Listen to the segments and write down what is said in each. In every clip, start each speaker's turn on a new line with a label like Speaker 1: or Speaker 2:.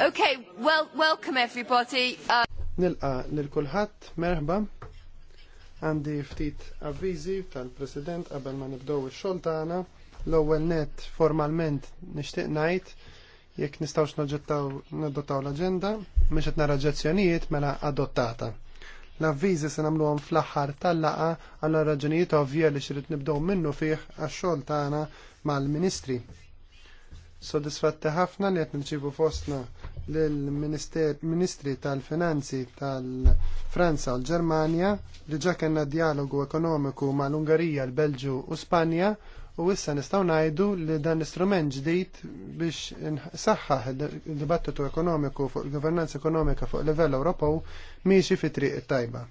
Speaker 1: Okay, well, welcome everybody. Uh...
Speaker 2: Nilqa l-kulħadd, merħba. Għandi ftit avviżi tal-President qabel ma nibdew ix-xogħol tagħna. L-ewwel net formalment nixtieq ngħid jekk nistgħux nadottaw l-aġenda mhux qed nara ġezzjonijiet mela adottata. L-avviżi se nagħmluhom fl-aħħar tal-laqa għal raġunijiet ovvja li xrid nibdew minnu fih għax-xogħol tagħna mal-Ministri Sodisfatti ħafna li qed nċivu fostna lill-Ministri tal-Finanzi tal-Franza u l-Ġermanja li ġa kellna dialogu ekonomiku mal-Ungarija, l-Belġu u Spanja u issa nistgħu ngħidu li dan l-istrument ġdid biex nsaħħaħ il dibattitu ekonomiku fuq il-governanza ekonomika fuq livell Ewropew miexi fi triq it-tajba.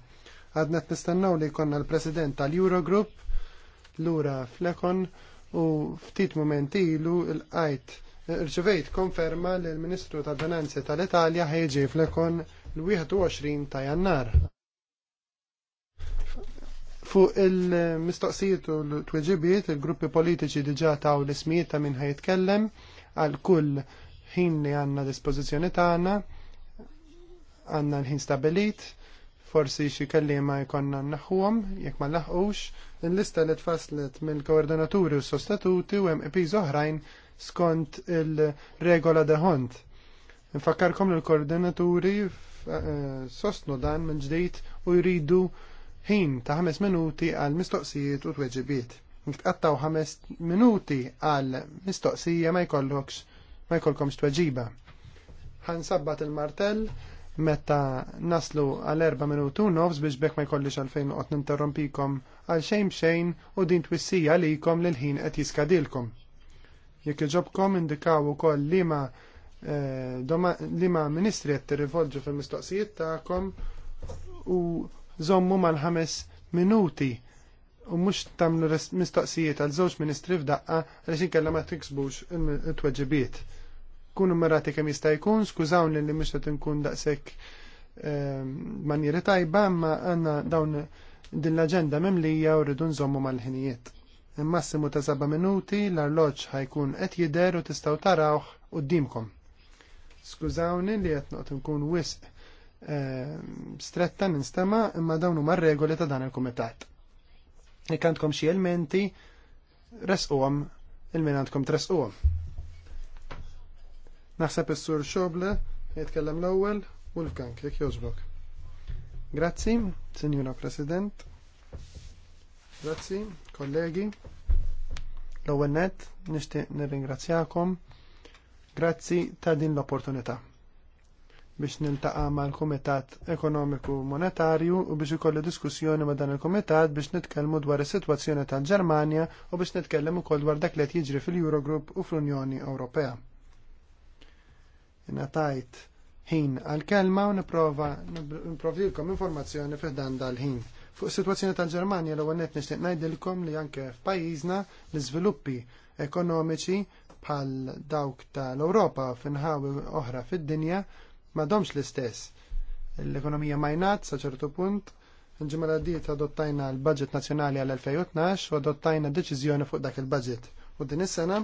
Speaker 2: Għadna t-nistennaw li jkollna l-President tal-Eurogroup lura Flekon u ftit moment ilu l-qajt rċivejt konferma li l-Ministru tal Finanzi tal-Italja ħieġi flekon l-21 ta' jannar. Fuq il-mistoqsijiet u l-tweġibiet, il-gruppi politiċi diġa taw l-ismijiet ta' minn ħajtkellem għal kull ħin li għanna dispożizzjoni tagħna għanna l-ħin stabilit forsi xi kelliema jkollna naħħuhom jekk ma laħqux, il-lista li tfaslet mill-koordinaturi u sostituti u hemm epiż oħrajn skont il-regola hont. Nfakkarkom l-koordinaturi eh, sostnu dan minn ġdejt u jridu ħin ta' 5 minuti għal mistoqsijiet u tweġibiet. Nitqattaw 5 minuti għal mistoqsija ma jkollokx ma jkollkomx tweġiba. Ħansabbat il-martell meta naslu għal erba minutu nofs biex bekk ma jkollix għalfejn qed ninterrompikom għal xejn xejn u din twissija likom l ħin qed jiskadilkom. Jekk iġobkom indikaw ukoll liema eh, liema ministri qed tirrivolġu fil-mistoqsijiet tagħkom u żommu mal-ħames minuti u mhux tagħmlu mistoqsijiet għal żewġ ministri f'daqqa għaliex inkella ma tiksbux it-tweġibiet kunu mirati kemm jista' jkun, skużawni li mhux nkun inkun daqshekk ehm, manieri tajba, ma għandna dawn din l-aġenda memlija u rridu nżommu mal-ħinijiet. Massimu ta' seba' minuti l-arloġġ ħajkun qed jidher u tistgħu tarawh quddiemkom. Skużawni li qed noqgħod nkun wisq ehm, stretta ninstema imma dawn huma regoli ta' dan il-kumitat. Ikantkom xi elementi resquhom il-min għandkom tresquhom. Naħseb is-sur Xoble jitkellem l-ewwel Wolfgang jekk jogħġbok. Grazzi, Sinjura President. Grazzi, kollegi. L-ewwel nett nixtieq nirringrazzjakom. Grazzi ta' din l-opportunità biex niltaqa' mal-Kumitat Ekonomiku Monetarju u biex ikollu diskussjoni ma' dan il-Kumitat biex nitkellmu dwar is-sitwazzjoni tal-Ġermanja u biex nitkellem ukoll dwar dak li qed jiġri fil-Eurogroup u fl-Unjoni Ewropea. Natajt ħin għal-kelma u nipprova niprofilkom informazzjoni fiħdan dal-ħin. Fuq situazzjoni sitwazzjoni tal-Ġermanja l ewwel nett nixtieq ngħidilkom li anke f'pajjiżna l-iżviluppi ekonomiċi bħal dawk tal-Ewropa finħawi oħra fid-dinja m'għadhomx l-istess. L-ekonomija majnat sa ċertu punt Ġimala diet adottajna l-budget nazjonali għal-2012 u adottajna deċiżjoni fuq dak il-budget. U din is-sena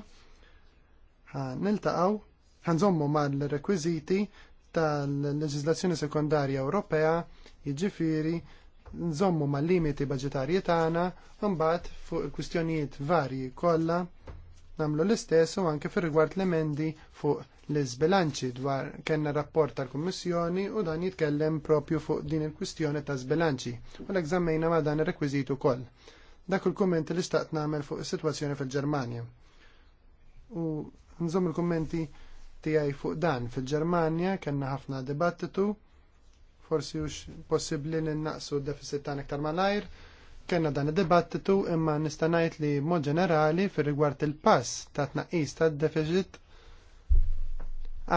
Speaker 2: niltaqgħu ħanżommu mal-rekwiziti tal leġislazzjoni sekundarja Ewropea, jiġifieri nżommu mal-limiti budġetarji tagħna, mbagħad fuq kwistjonijiet varji kollha nagħmlu l-istess u anke fir-rigward l-emendi fuq l-iżbilanċi dwar kellna rapport tal-Kummissjoni u dan jitkellem propju fuq din il-kwistjoni ta' żbilanċi u l-eżammejna ma' dan ir-rekwiżit ukoll. Dak il-kumment li staqt nagħmel fuq is-sitwazzjoni fil-Ġermanja. U nżomm il-kummenti tiegħi fuq dan fil-Ġermanja kellna ħafna dibattitu forsi hux possibbli li naqsu d-deficit tagħna iktar malajr. Kellna dan id-dibattitu imma nista' ngħid li mod ġenerali fir-rigward il-pass ta' tnaqqis tad-deficit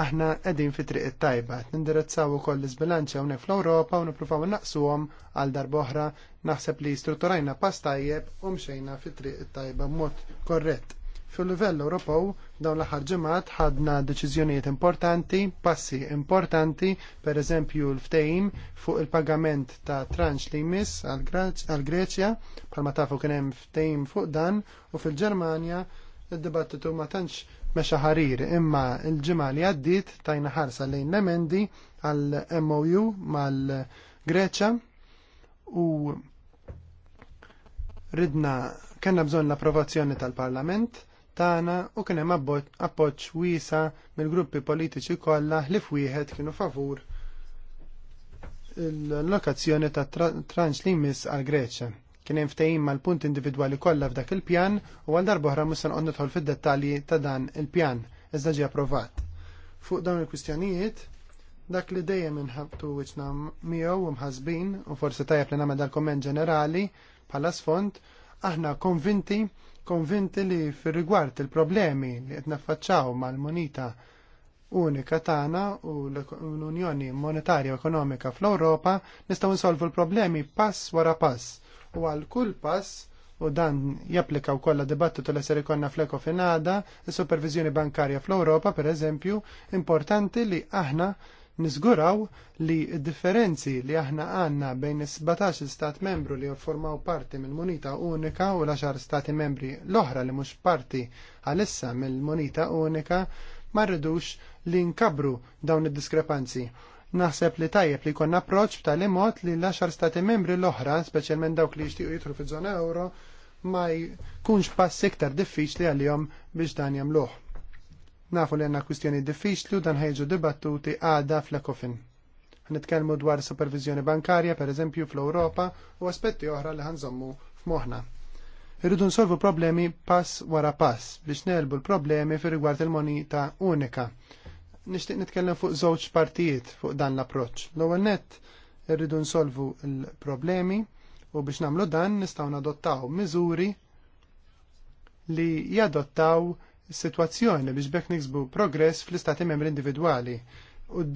Speaker 2: aħna qegħdin fi triq it-tajba. Nindirizzaw ukoll l isbilanċi hawnhekk fl-Ewropa u nippruvaw innaqsuhom għal darb'oħra naħseb li strutturajna pass tajjeb u mxejna fi triq it-tajba b'mod korrett. Fil-livell Ewropew dawn l-aħħar ġimgħat ħadna deċiżjonijiet importanti, passi importanti, per eżempju l-ftehim fuq il-pagament ta' tranċ li jmiss għal Greċja, bħalma tafu kien hemm ftehim fuq dan, u fil-Ġermanja id-dibattitu ma tantx mexa ħarir imma l-ġimgħa li għaddiet tajna ħarsa lejn l-emendi għal MOU mal-Greċja u ridna kellna bżonn l-approvazzjoni tal-Parlament tagħna u kien hemm appoġġ wiesa mill-gruppi politiċi kollha li fwieħed kienu favur l lokazzjoni ta' tranċ li jmiss għal Greċja. Kien hemm ftehim mal-punt individwali kollha f'dak il-pjan u għal darba oħra mhux nqod nidħol fid-dettalji ta' dan il-pjan iżda ġie approvat. Fuq dawn il-kwistjonijiet, dak li dejjem inħabtu wiċna miegħu u mħasbin u forsi tajjeb li nagħmel dal-komment ġenerali bħala sfond, aħna konvinti konvinti li fir-rigward il-problemi li qed naffaċċaw mal-munita unika tagħna u l-Unjoni Monetarja Ekonomika fl-Ewropa nistgħu nsolvu l-problemi pass wara pass u għal kull pass u dan japplika u kolla dibattitu li ser ikonna fleko finada, il-supervizjoni bankarja fl-Europa, per eżempju, importanti li aħna Nisguraw li d-differenzi li aħna għandna bejn is-17 stat membru li formaw parti mill-Munita Unika u l-10 stati membri l-oħra li mhux parti għalissa mill-Munita Unika ma rridux li nkabru dawn id-diskrepanzi. Naħseb li tajjeb li jkollna approċċ b'tali mod li l-10 stati membri l-oħra, speċjalment dawk li jixtiequ jidħlu fiż-żona euro, ma jkunx pass iktar diffiċli għalihom biex dan jagħmluh. Nafu li għanna kustjoni diffiċli u dan ħejġu dibattuti għada fl-ekofin. Nitkellmu dwar supervizjoni bankarja, per eżempju, fl-Europa u aspetti oħra li ħanżommu f'moħna. Irridu nsolvu problemi pass wara pass biex nelbu l-problemi fi rigward il-monita unika. Nixtieq nitkellem fuq żewġ partijiet fuq dan l-approċċ. L-ewwel nett irridu nsolvu l-problemi u biex nagħmlu dan nistgħu nadottaw miżuri li jadottaw situazzjoni biex bekk niksbu progress fl-istati membri individwali.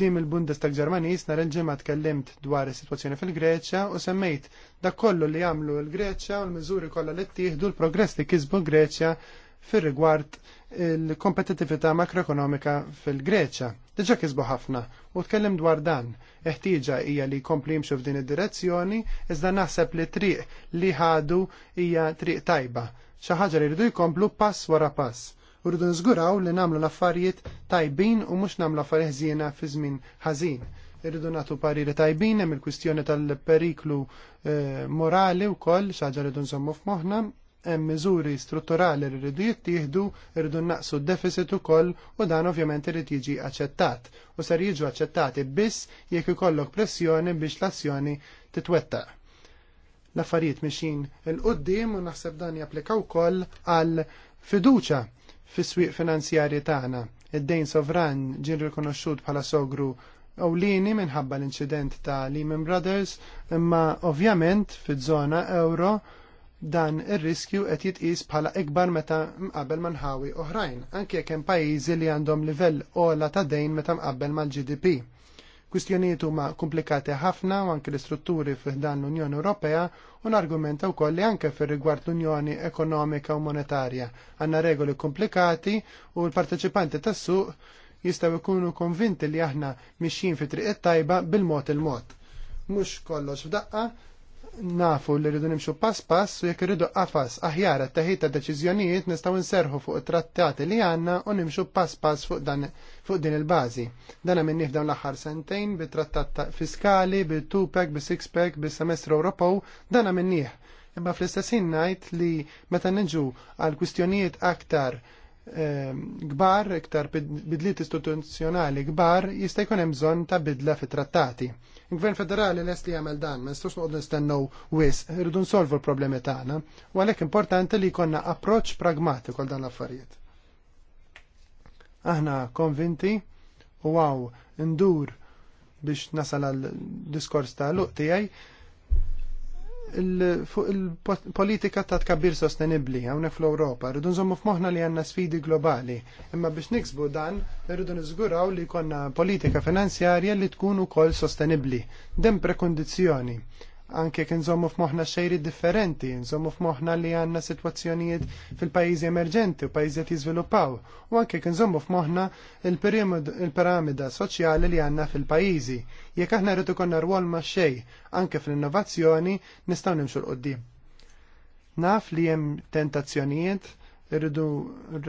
Speaker 2: dim il-Bundestag Ġermanis nar il-ġimgħa tkellimt dwar is-sitwazzjoni fil-Greċja u semmejt dak kollu li għamlu l-Greċja u l-miżuri kollha li ttieħdu l-progress li kisbu l-Greċja fir-rigward il-kompetitività makroekonomika fil-Greċja. Diġà kisbu ħafna u tkellim dwar dan. Eħtieġa hija li jkompli jimxu f'din id-direzzjoni iżda naħseb li triq li ħadu hija triq tajba. Xi ħaġa li jridu jkomplu pass wara pass u rridu nżguraw li nagħmlu l-affarijiet tajbin u mhux nagħmlu affarijiet ħżiena fi żmien ħażin. Irridu nagħtu pariri tajbin hemm il-kwistjoni tal-periklu eh, morali wkoll xi ħaġa rridu nżommu f'moħħna hemm miżuri strutturali li rridu jittieħdu rridu naqsu d-deficit ukoll u dan ovvjament rrid jiġi aċċettat u ser jiġu aċċettati biss jekk ikollok pressjoni biex l-azzjoni titwettaq. L-affarijiet mixin il-qoddim u naħseb dan japplika wkoll għal fiduċa fis-swieq finanzjarji tagħna. Id-dejn sovran ġien rikonoxxut bħala sogru ewlieni minħabba l-inċident ta' Lehman Brothers, imma ovvjament fiż-żona euro dan ir-riskju qed jitqis bħala ikbar meta mqabel ma' nħawi oħrajn, anke jekk hemm pajjiżi li għandhom livell ola ta' dejn meta mqabbel mal-GDP. Kwistjonijiet huma komplikati ħafna u anke l-istrutturi f'dan l-Unjoni Ewropea u nargumenta wkoll li anke fir-rigward l-Unjoni Ekonomika u Monetarja għandna regoli komplikati u l-parteċipanti tas-suq jistgħu jkunu konvinti li aħna mixjin fi triq it-tajba bil-mod il-mod. Mhux kollox f'daqqa, nafu li rridu nimxu pass pass u jekk irridu qafas aħjar ta' deċiżjonijiet nistgħu nserħu fuq it-trattati li għandna u nimxu pass pass fuq dan fuq din il bazi Dan hemm nifdaw l-aħħar sentejn bi trattat fiskali, bi tupek bi sixpek, bi semestru Ewropew, dan hemm Imma fl istessin ngħid li meta nġu għal kwistjonijiet aktar ehm, gbar, iktar bidliet istituzzjonali gbar, jista' jkun hemm bżonn ta' bidla fit-trattati. Il-Gvern Federali lest li jagħmel dan, ma nistgħux noqgħod nistennew wis, irridu nsolvu l-problemi tagħna, u għalhekk importanti li jkollna approċċ pragmatiku għal dan l-affarijiet. Aħna konvinti u għaw ndur biex nasal għal diskors ta' luq tijaj il-politika ta' tkabbir sostenibli għawnek fl-Europa. Rridu nżommu f'moħna li għanna sfidi globali. Imma biex niksbu dan, rridu nizguraw li konna politika finanzjarja li tkun ukoll sostenibli. Dem prekondizjoni anke kien nżommu f'moħna xejri differenti, nżommu f'moħna li għanna situazzjonijiet fil-pajizi emerġenti u pajiziet jizviluppaw, u anke kien nżommu f'moħna il-piramida soċjali li għanna fil-pajizi. Jekk aħna rritu konna rwol ma' xej, anke fl-innovazzjoni nistaw nimxu l-qoddim. Naf li jem tentazzjonijiet, rridu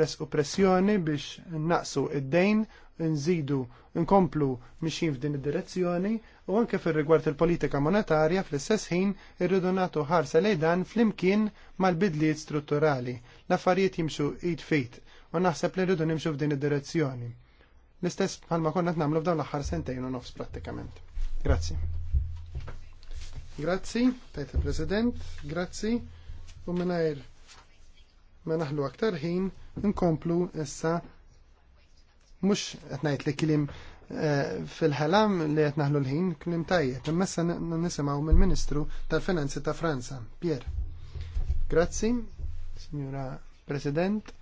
Speaker 2: res u pressjoni biex naqsu id-dejn nżidu nkomplu mixin f'din id-direzzjoni u anke fir rigward il-politika monetarja fl-istess ħin irridu nagħtu ħarsa lejn dan flimkien mal-bidliet strutturali. L-affarijiet jimxu id fit u naħseb li rridu nimxu f'din id-direzzjoni. L-istess bħalma konna nagħmlu f'dawn l-aħħar sentejn u nofs prattikament. Grazzi. Grazzi, tajt il-President, grazzi u minnajr ma naħlu aktar ħin nkomplu issa mux għetnajt li klim eh, fil-ħalam li qed naħlu l-ħin klim tajjeb. Imma issa nisimgħu mill-Ministru tal-Finanzi ta' Franza, Pierre. Grazzi, Signora President,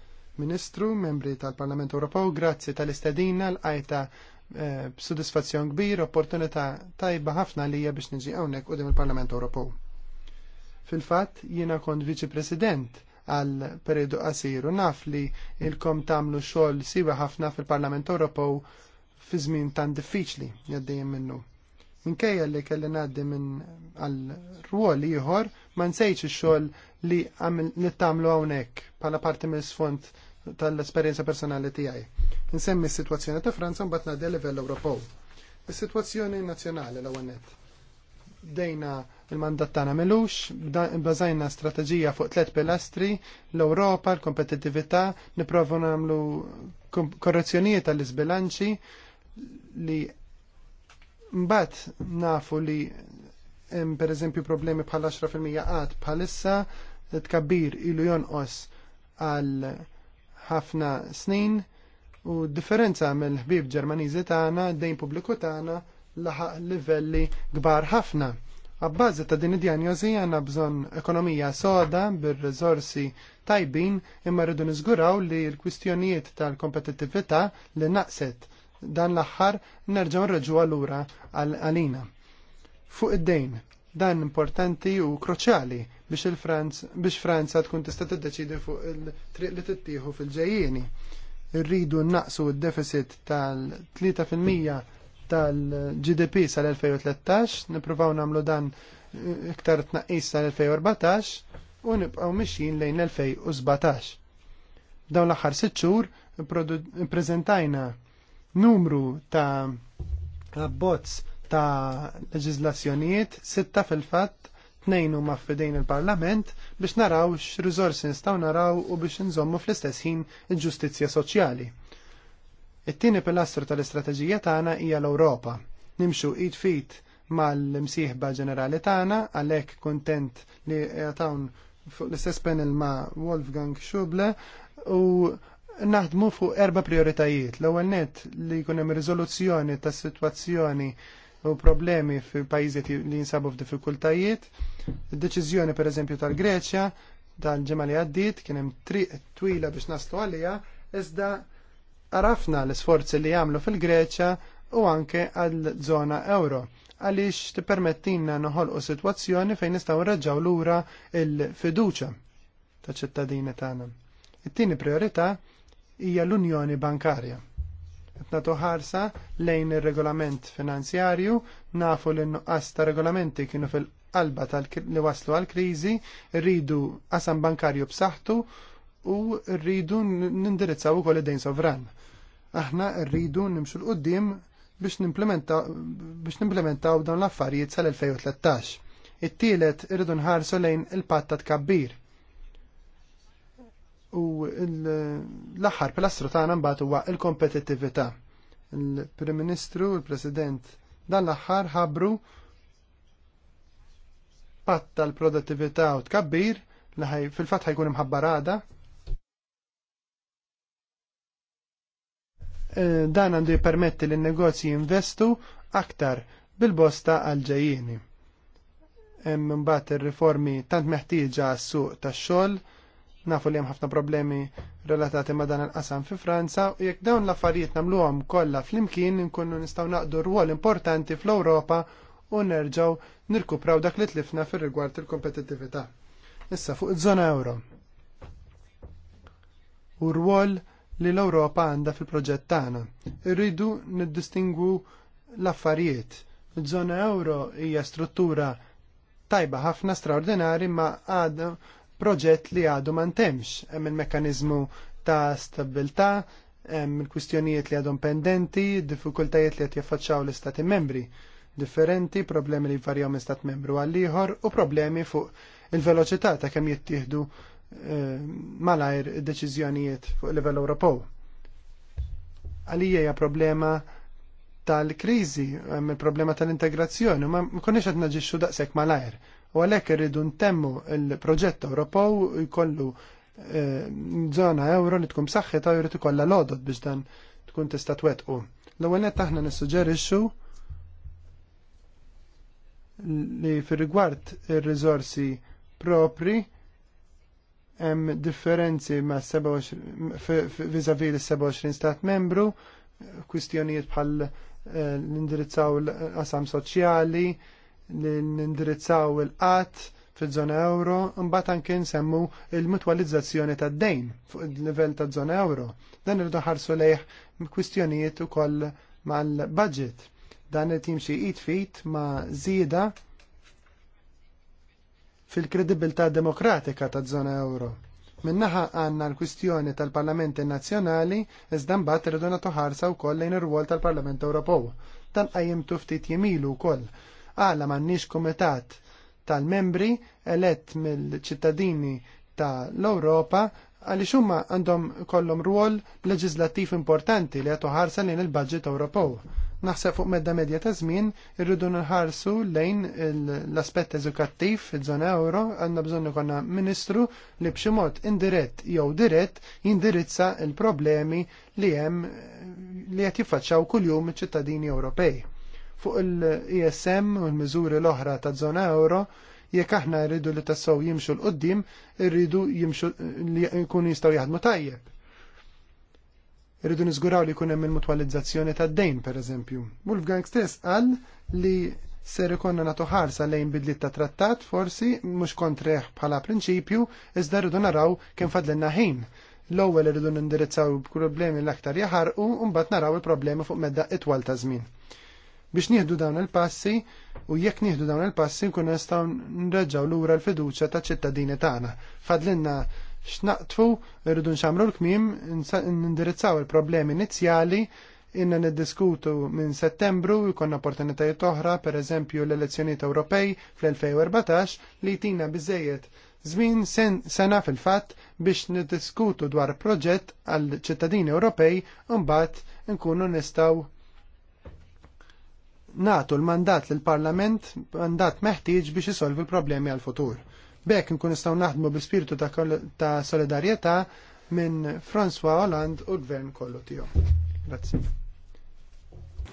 Speaker 2: Ministru, membri tal-Parlament Ewropew, grazzi tal istadina l eh, b-sodisfazzjon kbir, opportunità tajba ħafna li hija biex niġi hawnhekk dim il-Parlament Ewropew. Fil-fatt jiena kont Viċi President għal periodu qasir u naf li il-kom tagħmlu xogħol siwa ħafna fil-Parlament Ewropew fi żmien tan diffiċli għaddejjem minnu. Minkejja li kelli ngħaddi minn għal ruol ieħor ma nsejx ix-xogħol li nittamlu hawnhekk bħala parti mill-sfond tal-esperjenza personali tiegħi. Insemmi s-sitwazzjoni ta' Franza mbagħad ngħaddi livell Ewropew. Is-sitwazzjoni nazzjonali l-ewwel Dejna il-mandat tagħna melux, bbażajna strateġija fuq tliet pilastri, l-Ewropa, l-kompetittività, nipprovu nagħmlu korrezzjonijiet tal-isbilanċi li mbagħad nafu li hemm pereżempju problemi bħal 10% qatt bħalissa tkabbir ilu jonqos għal ħafna snin u differenza mill-ħbib Ġermaniżi tagħna dejn pubbliku tagħna laħaq livelli kbar ħafna Abbażi ta' din id-dijanjosi għandna bżonn ekonomija soda bir-riżorsi tajbin imma rridu niżguraw li l-kwistjonijiet tal-kompetittività li naqset dan l-aħħar nerġgħu nreġu għal għalina. Fuq id-dejn, dan importanti u kruċjali biex il-Franz biex Franza tkun tista' tiddeċidi fuq il-triq li tittieħu fil-ġejjieni. Irridu naqsu d-deficit tal-3% tal-GDP sal-2013, nipruvaw namlu dan eh, iktar tnaqis sal-2014 u nibqaw mixjin lejn l-2017. Dawn l-aħħar sitt xhur preżentajna numru ta' bots ta' leġizlazzjonijiet, sitta fil-fatt, tnejn huma f'idejn il-Parlament biex naraw x'riżorsi nistgħu naraw u biex nżommu fl-istess ħin il-ġustizzja soċjali. It-tieni pilastru tal-istrateġija tagħna hija l-Ewropa. Nimxu id fit mal-msieħba ġenerali tagħna għalhekk kuntent li jatawn fuq l-istess panel ma' Wolfgang Schuble u naħdmu fuq erba' prioritajiet. L-ewwel net li jkun hemm riżoluzzjoni tas-sitwazzjoni u problemi fi pajjiżiet li jinsabu f'diffikultajiet. Deċiżjoni per eżempju tal-Greċja, tal ġemali li għaddit, kien hemm triq twila biex naslu għalija, iżda Arafna l-sforzi li għamlu fil-Greċja u anke għal-żona euro għaliex tippermettina noħolqu sitwazzjoni fejn nistgħu l lura l-fiduċja ta' ċittadini tagħna. It-tieni priorità hija l-Unjoni Bankarja. Qed ħarsa lejn ir-regolament finanzjarju nafu li nuqqas ta' regolamenti kienu fil-qalba tal li waslu għal kriżi rridu qasam bankarju b'saħħtu u rridu nindirizzaw ukoll id-dejn sovran. Aħna rridu nimxu l-qoddim biex nimplementaw dawn l-affarijiet sal-2013. It-tielet irridu nħarsu lejn il-patta tkabbir. U l-aħħar pilastru tagħna mbagħad huwa l-kompetittività. Il-Prim Ministru, il-President, dan l-aħħar ħabru patt tal-produttività u tkabbir li fil-fatt ħajkun imħabbarada Eh, dan għandu jipermetti l negozji jinvestu aktar bil-bosta għal-ġejjini. Hemm ir-riformi tant meħtieġa għas-suq tax-xogħol, nafu li hemm ħafna problemi relatati ma' dan il-qasam fi Franza u jekk dawn l-affarijiet nagħmluhom kollha flimkien inkunu nistgħu naqdu rwol importanti fl-Ewropa u nerġgħu nirkupraw dak li tlifna fir-rigward il-kompetittività. Issa fuq iż-żona euro. U rwol li l-Ewropa għandha fil-proġett tagħna. Irridu niddistingwu l-affarijiet. Iż-żona euro hija struttura tajba ħafna straordinari ma għadha proġett li għadu man temx. Hemm il-mekkaniżmu ta' stabilità, hemm il-kwistjonijiet li għadhom pendenti, diffikultajiet li qed jaffaċċaw l-istati membri differenti, problemi li jvarjaw minn stat membru għall ieħor u problemi fuq il-veloċità ta' kemm jittieħdu Eh, malajr deċiżjonijiet fuq livell Ewropew. Għalija hija problema tal-kriżi, il-problema tal-integrazzjoni, ma konniex qed naġixxu daqshekk malajr. U għalhekk irridu ntemmu il-proġett Ewropew jkollu eh, zona euro li tkun saħħita jrid ikolla lodot biex dan tkun tista' twettqu. L-ewwel net aħna nissuġġerixxu li fir rigward ir-riżorsi propri hemm differenzi ma' vis-à-vis l-27 stat membru, kwistjonijiet bħal eh, l-indirizzaw l-qasam soċjali, l-indirizzaw l-qatt fil-żona euro, mbagħad anke nsemmu l mutwalizzazzjoni tad-dejn fuq il-livell taż-żona euro. Dan irdu ħarsu lejh kwistjonijiet ukoll mal-budget. Dan qed jimxi id fit ma' żieda fil-kredibilità demokratika ta' zona euro. Minnaħa għanna l-kwistjoni tal-Parlamenti Nazzjonali iżda mbagħad irridu toħarsa u wkoll lejn ir-rwol tal-Parlament Ewropew. Dan qajjem ftit jimilu wkoll. Għala m'għandniex kumitat tal-membri elett mill-ċittadini tal-Ewropa għaliex huma għandhom kollhom rwol leġislattiv importanti li għatu ħarsa lejn il-budget Ewropew Naħseb fuq medda medja ta' żmien irridu nħarsu lejn l-aspett eżukattiv fiż-żona euro għandna bżonn ikolna ministru li b'xi mod indirett jew dirett jindirizza l-problemi li hemm li qed jiffaċċaw kuljum iċ-ċittadini Ewropej. Fuq il-ISM u l-miżuri l-oħra ta' żona euro jekk aħna rridu li tassew jimxu l-qoddim, rridu jimxu li jkunu jistgħu jaħdmu tajjeb Irridu niżguraw li jkun hemm il-mutwalizzazzjoni tad-dejn pereżempju. Wolfgang stess qal li ser ikonna nagħtu ħarsa lejn bidlit ta' trattat forsi mhux kontreħ bħala prinċipju iżda rridu naraw kemm fadlenna ħin. L-ewwel irridu nindirizzaw problemi l-aktar jaħarqu u mbagħad naraw il-problemi fuq medda itwal ta' żmien biex nieħdu dawn il-passi u jekk nieħdu dawn il-passi nkun nistgħu nreġgħu lura l-fiduċja taċ-ċittadini tagħna. Fadlinna x'naqtfu rridu nxamru l-kmim nindirizzaw il-problemi inizjali inna niddiskutu minn settembru jkun opportunitajiet oħra, per eżempju l-elezzjonijiet Ewropej fl-2014 li jtina zmin sen sena fil-fatt biex niddiskutu dwar proġett għal ċittadini Ewropej mbagħad nkunu nistgħu natu l-mandat l-Parlament, mandat meħtieġ biex isolvi l-problemi għal-futur. Bek nkun istaw naħdmu bil-spiritu ta' solidarieta minn François Hollande u l-gvern kollu tiegħu. Grazzi.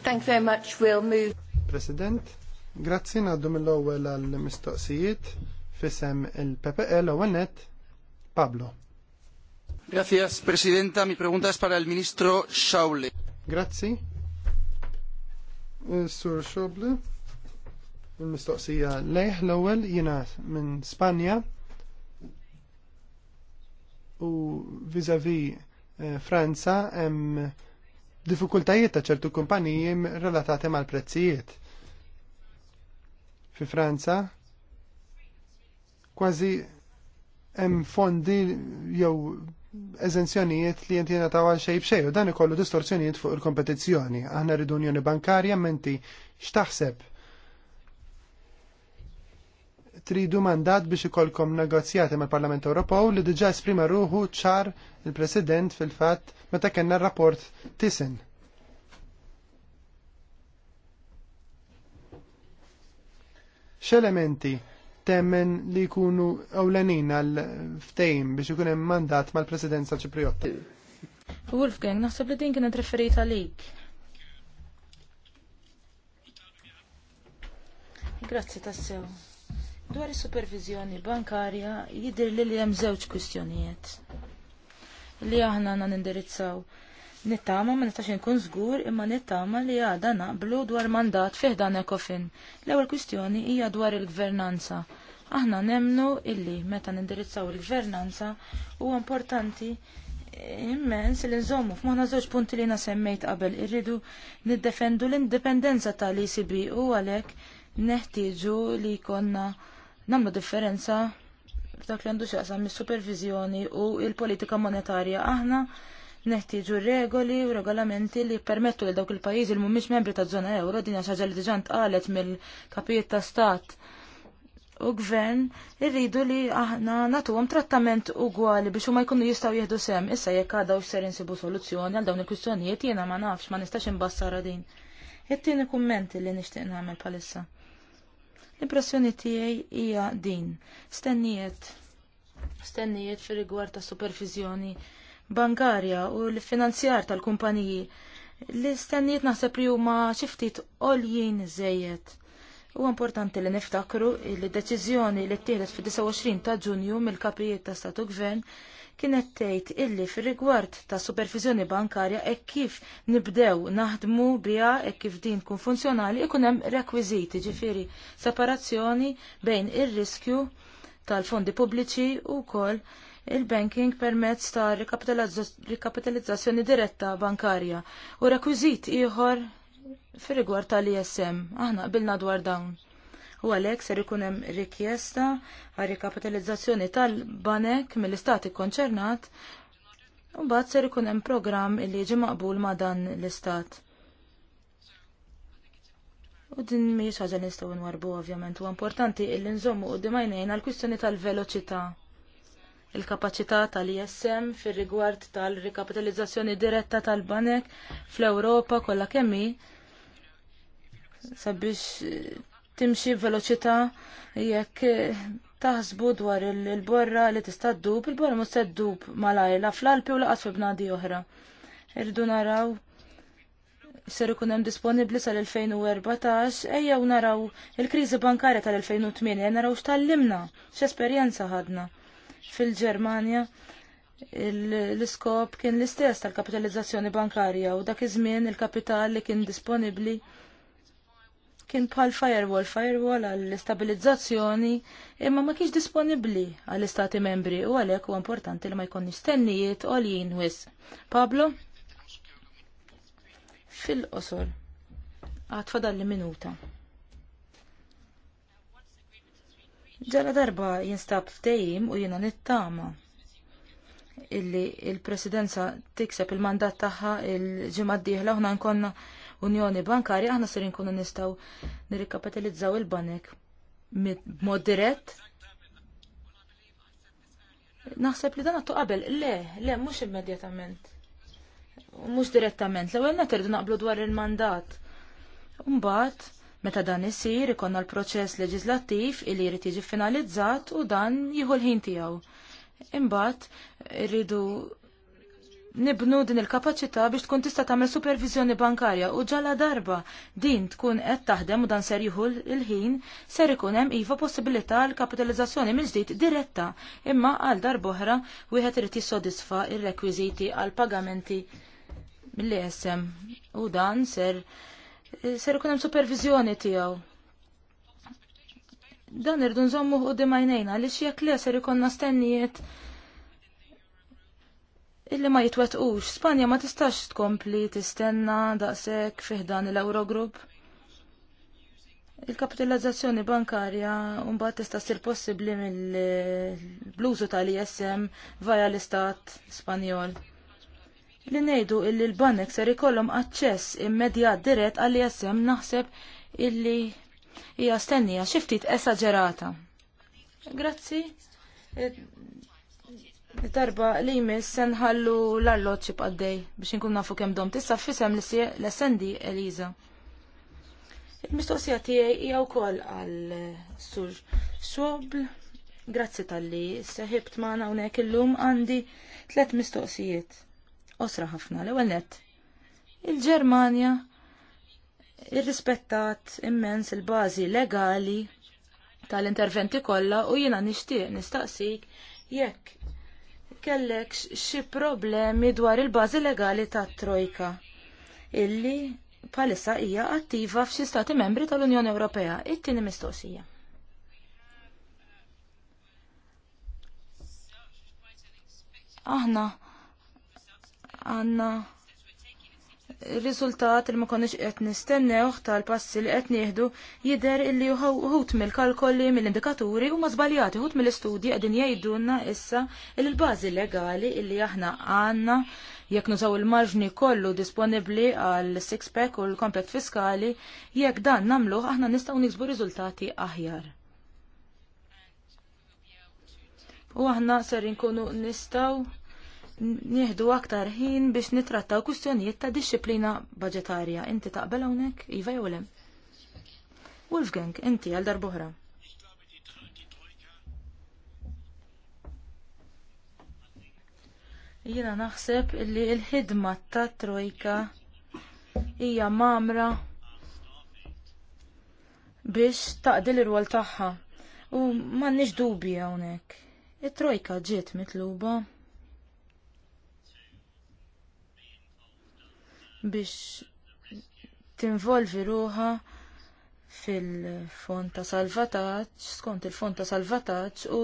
Speaker 3: Thank you very much.
Speaker 2: We'll move. President, grazzi ngħaddu mill-ewwel għall mistoqsijiet fisem il-PPL u net Pablo. Grazie, Presidenta. Mi pregunta es para el ministro Schaule. Grazie. Eh, Sur Schaule il-mistoqsija lejh l-ewwel jiena minn Spanja u vis a vizavi eh, Franza hemm diffikultajiet ta' ċertu kumpaniji relatati mal-prezzijiet. Fi Franza kważi hemm fondi jew eżenzjonijiet li jenti jena tawal xej bxej u dan ikollu distorsjonijiet fuq il-kompetizzjoni. Aħna rridu unjoni bankarja menti x'taħseb tridu mandat biex ikolkom negozjati mal-Parlament Ewropew li diġa' esprima ruħu ċar il-President fil-fatt meta kellna r-rapport tisin. X'elementi temmen li jkunu ewlenin għal ftejn biex ikun hemm mandat mal-Presidenza Ċipriotti?
Speaker 3: Wolfgang, naħseb li din kienet referita għalik. Grazie tassew. Dwar is-supervizjoni bankarja jidher li li hemm żewġ kwistjonijiet li aħna għandna nindirizzaw. Nittama ma nistax inkun żgur imma nittama li għadha naqblu dwar mandat fih dan ekofin. L-ewwel kwistjoni hija dwar il-gvernanza. Aħna nemnu illi meta nindirizzaw il-gvernanza huwa importanti immens li nżommu f'maħna żewġ punti li nasemmejt qabel irridu niddefendu l-indipendenza tal-ECB u għalhekk neħtieġu li jkollna namlu differenza f'dak li għandu xaqsam mis-supervizjoni u il-politika monetarja aħna neħtieġu regoli u regolamenti li permettu li dawk il pajizi li mhumiex membri ta' żona euro din xaġa li diġant ntqalet mill-kapijiet ta' stat u gvern irridu li aħna natuhom trattament ugwali biex huma jkunu jistgħu jieħdu sem. Issa jekk għadha u ser insibu soluzzjoni għal dawn il-kwistjonijiet jiena ma nafx ma nistax imbassara din. It-tieni kummenti li nixtieq nagħmel bħalissa. L-impressjoni tiegħi hija din. Stennijiet. Stennijiet fir rigward ta' supervizjoni bankarja u l-finanzjar tal-kumpaniji. L-istennijiet naħseb li huma xi ftit għoljin żejjed. U importanti li niftakru li d deċiżjoni li ttieħdet fid-29 ta' Ġunju mill-kapijiet ta' Statu Gvern kienet tgħid illi fir-rigward ta' supervizjoni bankarja hekk kif nibdew naħdmu biha hekk kif din tkun funzjonali ikun hemm rekwiżiti ġifieri separazzjoni bejn ir-riskju tal-fondi pubbliċi u wkoll il-banking permezz ta' rikapitalizzazzjoni diretta bankarja u rekwiżit ieħor fir-rigward tal-ISM. Aħna qbilna dwar dawn u għalhekk ser ikun hemm rikjesta għal rikapitalizzazzjoni tal-banek mill-istati konċernat u mbagħad ser ikun hemm programm li jiġi maqbul ma' dan l-istat. U din mhijiex ħaġa nistgħu nwarbu ovvjament u importanti illi nżommu u dimajnejn l kwistjoni tal-veloċità il-kapacità tal-ISM fir-rigward tal-rikapitalizzazzjoni diretta tal-banek fl-Ewropa kollha kemm hi sabiex timxi veloċità jekk taħsbu dwar il-borra li tista' ddub, il-borra mhux se ddub malajla fl-alpi u laqas fi bnadi oħra. Irdu naraw ser ikun hemm disponibbli sal-2014 ejjew naraw il-kriżi bankarja tal-2008 naraw x'tallimna, x'esperjenza ħadna. Fil-Ġermanja l-iskop kien l-istess tal-kapitalizzazzjoni bankarja u dak iż-żmien il-kapital li kien disponibbli kien bħal firewall, firewall għall-istabilizzazzjoni, imma ma kienx disponibli għall-istati membri u għalhekk huwa importanti li ma jkun nistennijiet għoljien wis. Pablo? Fil-qosor. Għad fadalli minuta. Ġara darba jinstab ftejim u jiena nittama illi il-presidenza tikseb il-mandat tagħha il-ġimgħa d-dieħla ħna nkollna unjoni bankarja aħna sirin nkunu nistgħu nirikapitalizzaw il-banek b'mod dirett. Naħseb li dan għattu qabel, le, le, mhux immedjatament. Mhux direttament, l-ewwel neterdu naqblu dwar il-mandat. Mbagħad, Meta dan isir ikonna l-proċess leġislattiv li jrid jiġi finalizzat u dan jieħu l-ħin tiegħu. Imbagħad irridu nibnu din il-kapacità biex tkun tista' tagħmel supervizjoni bankarja u ġala darba din tkun qed taħdem u dan ser jieħu il-ħin ser ikun hemm iva possibilità l kapitalizzazzjoni minn ġdid diretta imma għal darb'oħra wieħed irid jissodisfa ir-rekwiżiti għal pagamenti mill jessem u dan ser ser ikun hemm supervizjoni tiegħu. Dan irdu nżommu u dimajnejna li jekk le ser ikonna stennijiet illi ma jitwetqux. Spanja ma tistax tkompli tistenna daqshekk fiħdan l-Eurogroup. Il-kapitalizzazzjoni bankarja mbagħad tista' ssir possibbli mill-bluzu tal-ISM vaja l-Istat Spanjol. Li ngħidu illi l-banek ser ikollhom aċċess immedjat dirett għall-ISM naħseb illi hija stennija xi ftit esaġerata. Grazzi. Darba li jmiss se nħallu l-arloċ b'għaddej biex nkun nafu kemm dom tista' fisem l-essendi Eliza. Il-mistoqsija tiegħi hija wkoll għal eh, sur xogħol. Grazzi tal-li seħibt unek hawnhekk illum għandi tliet mistoqsijiet. Osra ħafna l-ewwel nett. Il-Ġermanja irrispettat immens il-bażi legali tal-interventi kollha u jiena nixtieq nistaqsik jekk kellek xi problemi dwar il-bażi legali tat trojka illi bħalissa hija attiva f'xi stati membri tal-Unjoni Ewropea. It-tieni mistoqsija. Aħna għandna rizultat li ma konniex qed nistennew tal-passi li qed nieħdu jidher illi uħut mill-kalkoli mill-indikaturi huma żbaljati uħut mill-istudji qegħdin jgħidulna issa il l-bażi legali illi aħna għandna jekk nużaw il-marġni kollu disponibbli għal six pack u l kompet fiskali jekk dan nagħmluh aħna nistgħu niksbu riżultati aħjar. U aħna ser inkunu nistgħu nieħdu aktar ħin biex nitrattaw kwistjonijiet ta' disċiplina budgetarja. Inti taqbel hawnhekk, iva jew le? Wolfgang, inti għal darbohra. Jiena naħseb li l-ħidma ta' trojka hija mamra biex taqdi l wol tagħha. U m'għandniex dubji hawnhekk. It-trojka ġiet mitluba. biex tinvolvi ruha fil-fond ta' salvataġġ, skont il-fond ta' salvataġġ u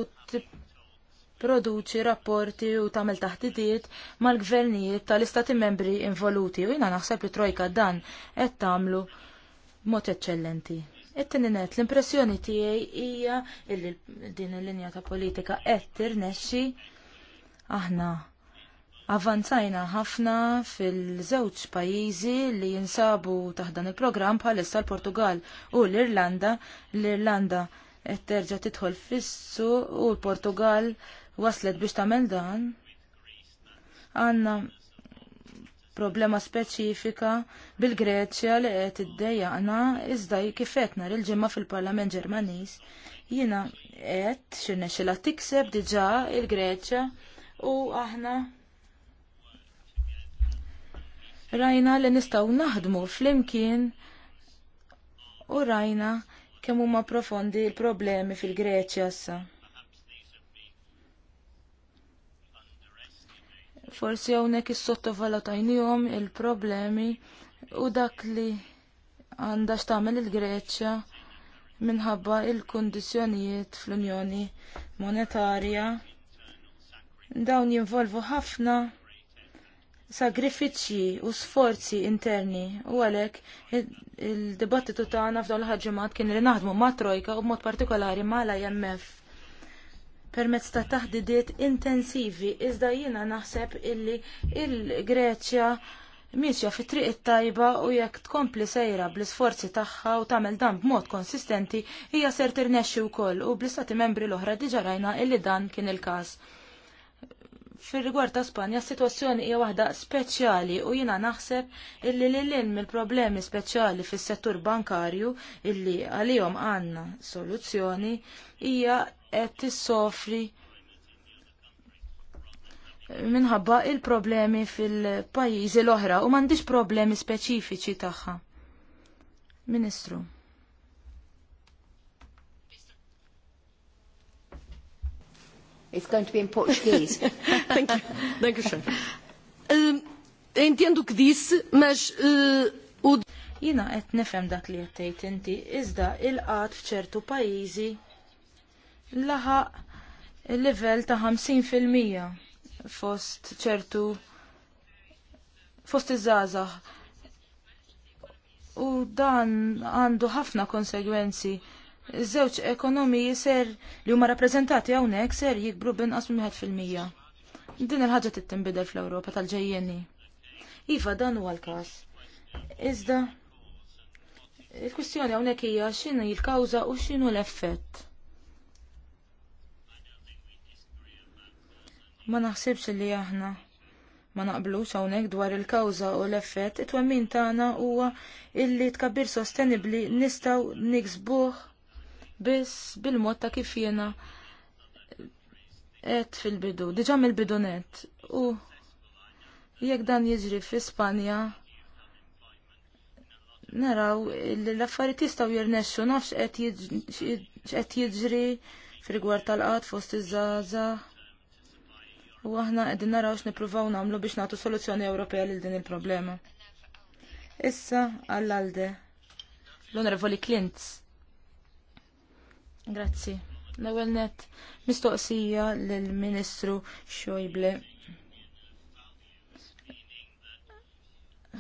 Speaker 3: produċi rapporti u tagħmel taħdiet mal-gvernijiet tal-istati membri involuti u jiena naħseb li trojka dan qed tagħmlu mod eċċellenti. It-tieni l-impressjoni tiegħi hija li din il-linja ta' politika qed tirnexxi aħna Avanzajna ħafna fil-żewġ pajjiżi li jinsabu taħdan il-programm bħalissa l-Portugal u l-Irlanda. L-Irlanda qed terġa' tidħol fissu u l-Portugal waslet biex tagħmel dan. Għandna problema speċifika bil-Greċja li qed iddejjaqna iżda kif qed nhar il-ġimgħa fil-Parlament Ġermaniż jiena qed xi tikseb diġà il-Greċja u aħna Rajna li nistgħu naħdmu flimkien u rajna kemm huma profondi l-problemi fil-Greċja issa. Forsi hawnhekk is-sottovalutajnihom il-problemi u dak li għandha x'tagħmel il-Greċja minħabba il-kundizzjonijiet fl-Unjoni Monetarja dawn jinvolvu ħafna sagrifiċċji u sforzi interni u għalhekk il-dibattitu tagħna f'dawn l ġimgħat kien li naħdmu ma' trojka u b'mod partikolari ma' l-IMF permezz ta' taħdidiet intensivi iżda jiena naħseb illi il-Greċja misja fi triq it-tajba u jekk tkompli sejra bl-isforzi tagħha u tagħmel dan b'mod konsistenti hija ser tirnexxi wkoll u bl-istati membri l-oħra diġa rajna illi dan kien il-każ. Fil-rigward ta' Spanja, situazzjoni hija waħda speċjali u jina naħseb illi li l mill-problemi speċjali fis settur bankarju illi għalihom għanna soluzzjoni hija qed tissofri minħabba il-problemi fil-pajjiżi l-oħra u m'għandix problemi speċifiċi tagħha. Ministru. It's going to be in Portuguese. Thank you. Thank you, uh, ehm, entiendo o que disse, mas uh, o... Jina qed nifhem dak li qed tgħid inti, iżda il-qat f'ċertu pajjiżi laħaq il-livell ta' 50% fost ċertu fost iż-żgħażagħ. U dan għandu ħafna konsegwenzi Iż-żewġ ekonomiji ser li huma rappreżentati hawnhekk ser jikbru binqas minn fil-mija. Din il-ħaġa tittinbidel fl-Ewropa tal-ġejjeni. Iva dan huwa l-każ. Iżda il-kwistjoni hawnhekk hija x'inhu l-kawża u x'inhu l-effett. Ma naħsibx li aħna ma naqblux hawnhekk dwar il-kawża u l-effett, it-twemmin tagħna huwa illi tkabbir sostenibbli nistgħu niksbuh biss bil-mod ta' kif jiena et fil-bidu, diġà mill-bidu net. U jekk dan jiġri fl-Ispanja, naraw l-affarijiet jistgħu jirnexxu nafx qed jiġri fil-gwar tal-qat fost iż-żgħażagħ. U aħna qegħdin naraw x'nippruvaw nagħmlu biex nagħtu soluzzjoni Ewropea lil din il-problema. Issa għall-alde. L-Onorevoli Klintz. Grazzi. L-ewwel net mistoqsija lill-Ministru Xojble.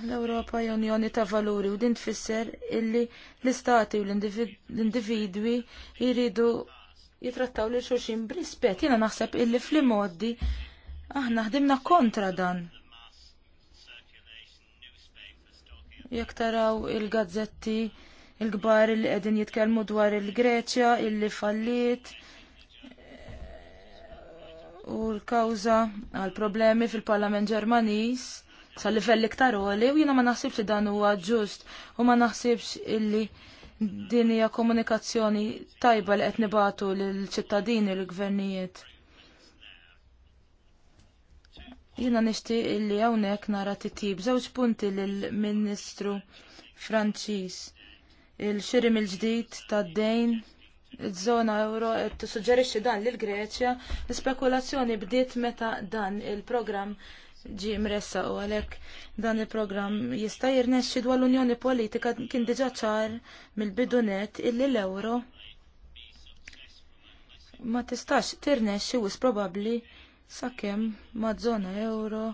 Speaker 3: L-Ewropa hija unjoni ta' valuri u din tfisser illi l-istati u l-individwi jridu jitrattaw lil xulxin b'rispett. Jiena naħseb illi fl modi aħna ħdimna kontra dan. Jekk taraw il-gazzetti il-kbar li qegħdin jitkellmu dwar il-Greċja illi fallit u l-kawża għal problemi fil-Parlament Ġermaniż sal-livell iktar għoli u jina ma naħsibx li dan huwa ġust u ma naħsibx illi din hija komunikazzjoni tajba li qed nibatu lill-ċittadini l-gvernijiet. Jina nishti illi għawnek nara titjib żewġ punti l-ministru franċis il-xirim il-ġdid tad-dejn iż-żona euro qed eh, tissuġġerixxi dan lill Greċja, l-ispekulazzjoni bdiet meta dan il-programm ġie mressa u għalhekk dan il-programm jista' jirnexxi dwar l-Unjoni Politika kien diġà ċar mill-bidunet illi l-euro ma tistax tirnexxi wis probabbli sakemm ma żona euro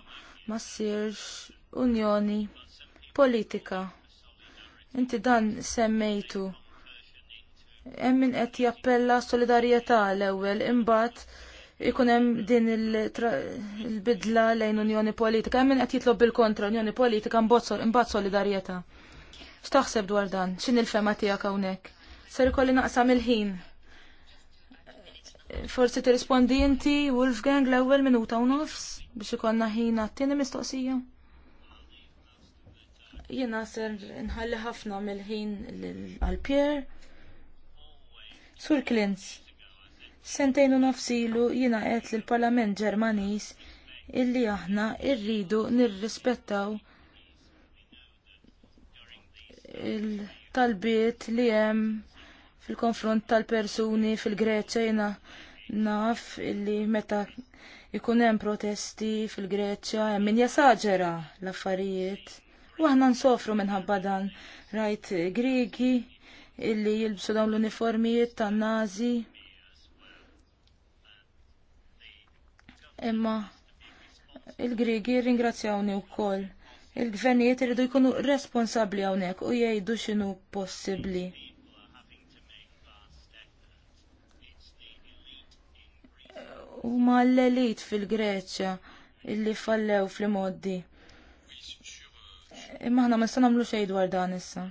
Speaker 3: ma ssirx Unjoni Politika Inti dan semmejtu. Hemm min qed jappella solidarjetà l-ewwel imbagħad ikun hemm din il-bidla lejn Unjoni Politika. Hemm min qed jitlob bil-kontra Unjoni Politika imbagħad solidarjetà. X'taħseb dwar dan? X'in il-fema tiegħek hawnhekk? Ser ikolli naqsam il-ħin. Forsi tirrispondi inti Wolfgang l-ewwel minuta u nofs biex ikollna ħin għat-tieni mistoqsija. Jiena ser nħalli ħafna mill-ħin għal-Pier. Sur Klins, sentejnu nafsilu jiena qed lill parlament Ġermaniż illi aħna rridu nirrispettaw il-talbiet li hemm fil-konfront tal-persuni fil-Greċja jiena naf illi meta ikun hemm protesti fil-Greċja hemm min jasaġera l-affarijiet U aħna nsofru minħabba dan rajt Grigi illi jilbsu dawn l-uniformijiet tan nazi Imma il-Grigi ringrazzjawni wkoll. Il-gvernijiet irridu jkunu responsabbli hawnhekk u jgħidu x'inhu possibbli. ma l-elit fil-Greċja illi fallew fl moddi Imma ħna ma nista' nagħmlu xejn dwar dan issa.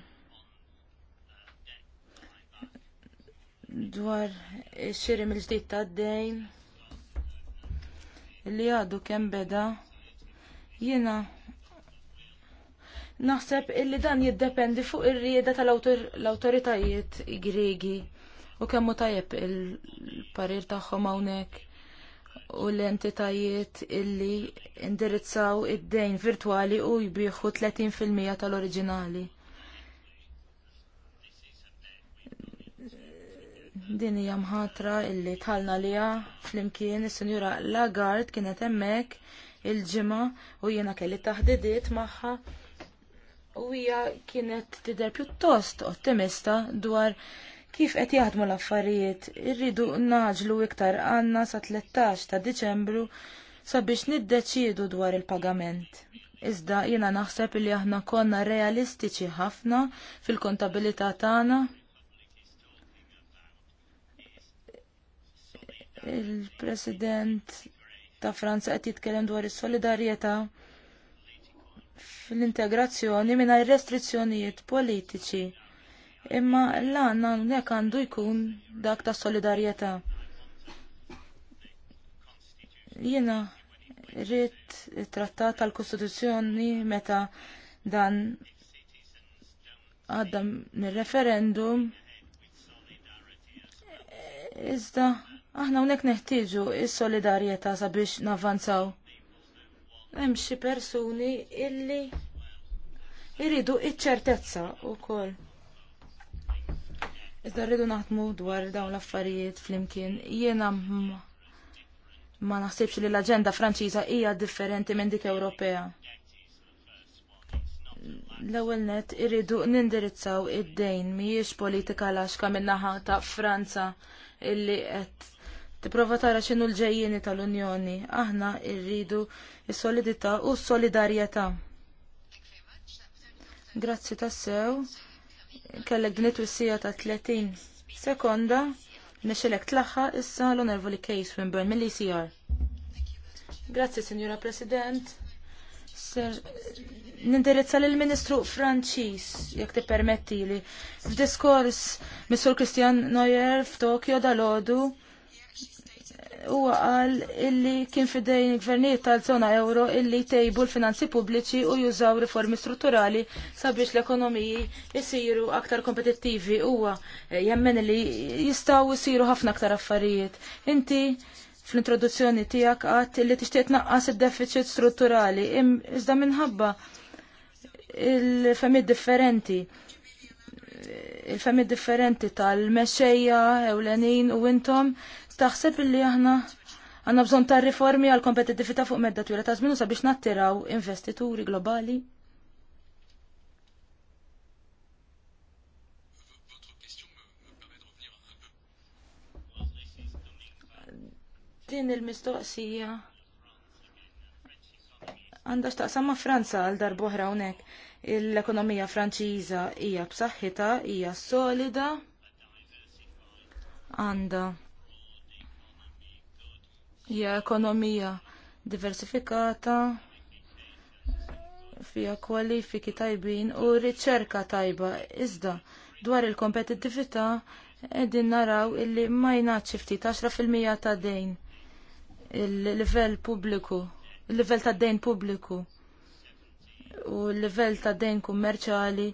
Speaker 3: Dwar ix-xiri mill-ġdid tad-dejn li għadu kemm beda jiena naħseb illi dan jiddependi fuq ir-rieda tal-awtoritajiet Griegi u kemm hu tajjeb il-parir tagħhom hawnhekk u l-entitajiet illi indirizzaw id-dejn virtwali u jbieħu 30% tal-oriġinali. Din hija mħatra illi tħallna liha flimkien is-Sinjura Lagard kienet hemmhekk il-ġimgħa u jiena kelli taħdidiet magħha u hija kienet tidher pjuttost ottimista dwar kif qed jaħdmu l-affarijiet. Irridu naġlu iktar għandna sa 13 ta' Diċembru sabiex niddeċiedu dwar il-pagament. Iżda jiena naħseb li aħna konna realistiċi ħafna fil-kontabilità tagħna il-President ta' Franza qed jitkellem dwar is-solidarjetà fl-integrazzjoni mingħajr restrizzjonijiet politiċi imma l-għan għandek għandu jkun dak ta' solidarjetà. Jiena rrit trattat tal-Kostituzzjoni meta dan għadda mir-referendum iżda aħna unek neħtieġu is-solidarjetà sabiex navvanzaw. Hemm xi persuni illi jridu iċ-ċertezza wkoll. Iżda rridu naħdmu dwar dawn l-affarijiet flimkien. Jiena ma naħsibx li l-aġenda Franċiża hija differenti minn dik Ewropea. L-ewwel net irridu nindirizzaw id-dejn mhijiex politika laxka min-naħa ta' Franza illi qed Tipprova tara x'inhu l-ġejjieni tal-Unjoni. Aħna rridu s-solidità u s-solidarjetà. Grazzi tassew kellek din it-twissija ta' 30 sekonda nixilek tlaħħa issa l-onervoli case Swinburne mill-ECR. Grazzi, Signora President. Sir, nindirizza lill ministru Franċis, jekk tippermettili. F'diskors Missur Christian Neuer f'Tokio dal-ħodu huwa għal illi kien fidejn gvernijiet tal zona euro illi tejbu l-finanzi pubbliċi u jużaw riformi strutturali sabiex l-ekonomiji jisiru aktar kompetittivi huwa eh, jemmen li jistaw jisiru ħafna aktar affarijiet. Inti fl-introduzzjoni tiegħek illi t tixtieq naqqas id-deficit strutturali iżda minħabba il-femid differenti il-femi differenti tal-mesċeja, ewlenin u intom Taħseb illi aħna għanna bżon ta' riformi għal kompetitività fuq medda twila ta' żmien sabiex nattiraw investituri globali. Din il-mistoqsija għandha x'taqsam ma' Franza għal ħra hawnhekk. L-ekonomija Franċiża hija b'saħħitha, hija solida, għandha hija ekonomija diversifikata fiha kwalifiki tajbin u riċerka tajba iżda dwar il-kompetittività qegħdin naraw illi ma jingħadx ftit 10% ta' dejn il-livell pubbliku, il-livell ta' dejn pubbliku u l-livell ta' dejn kummerċali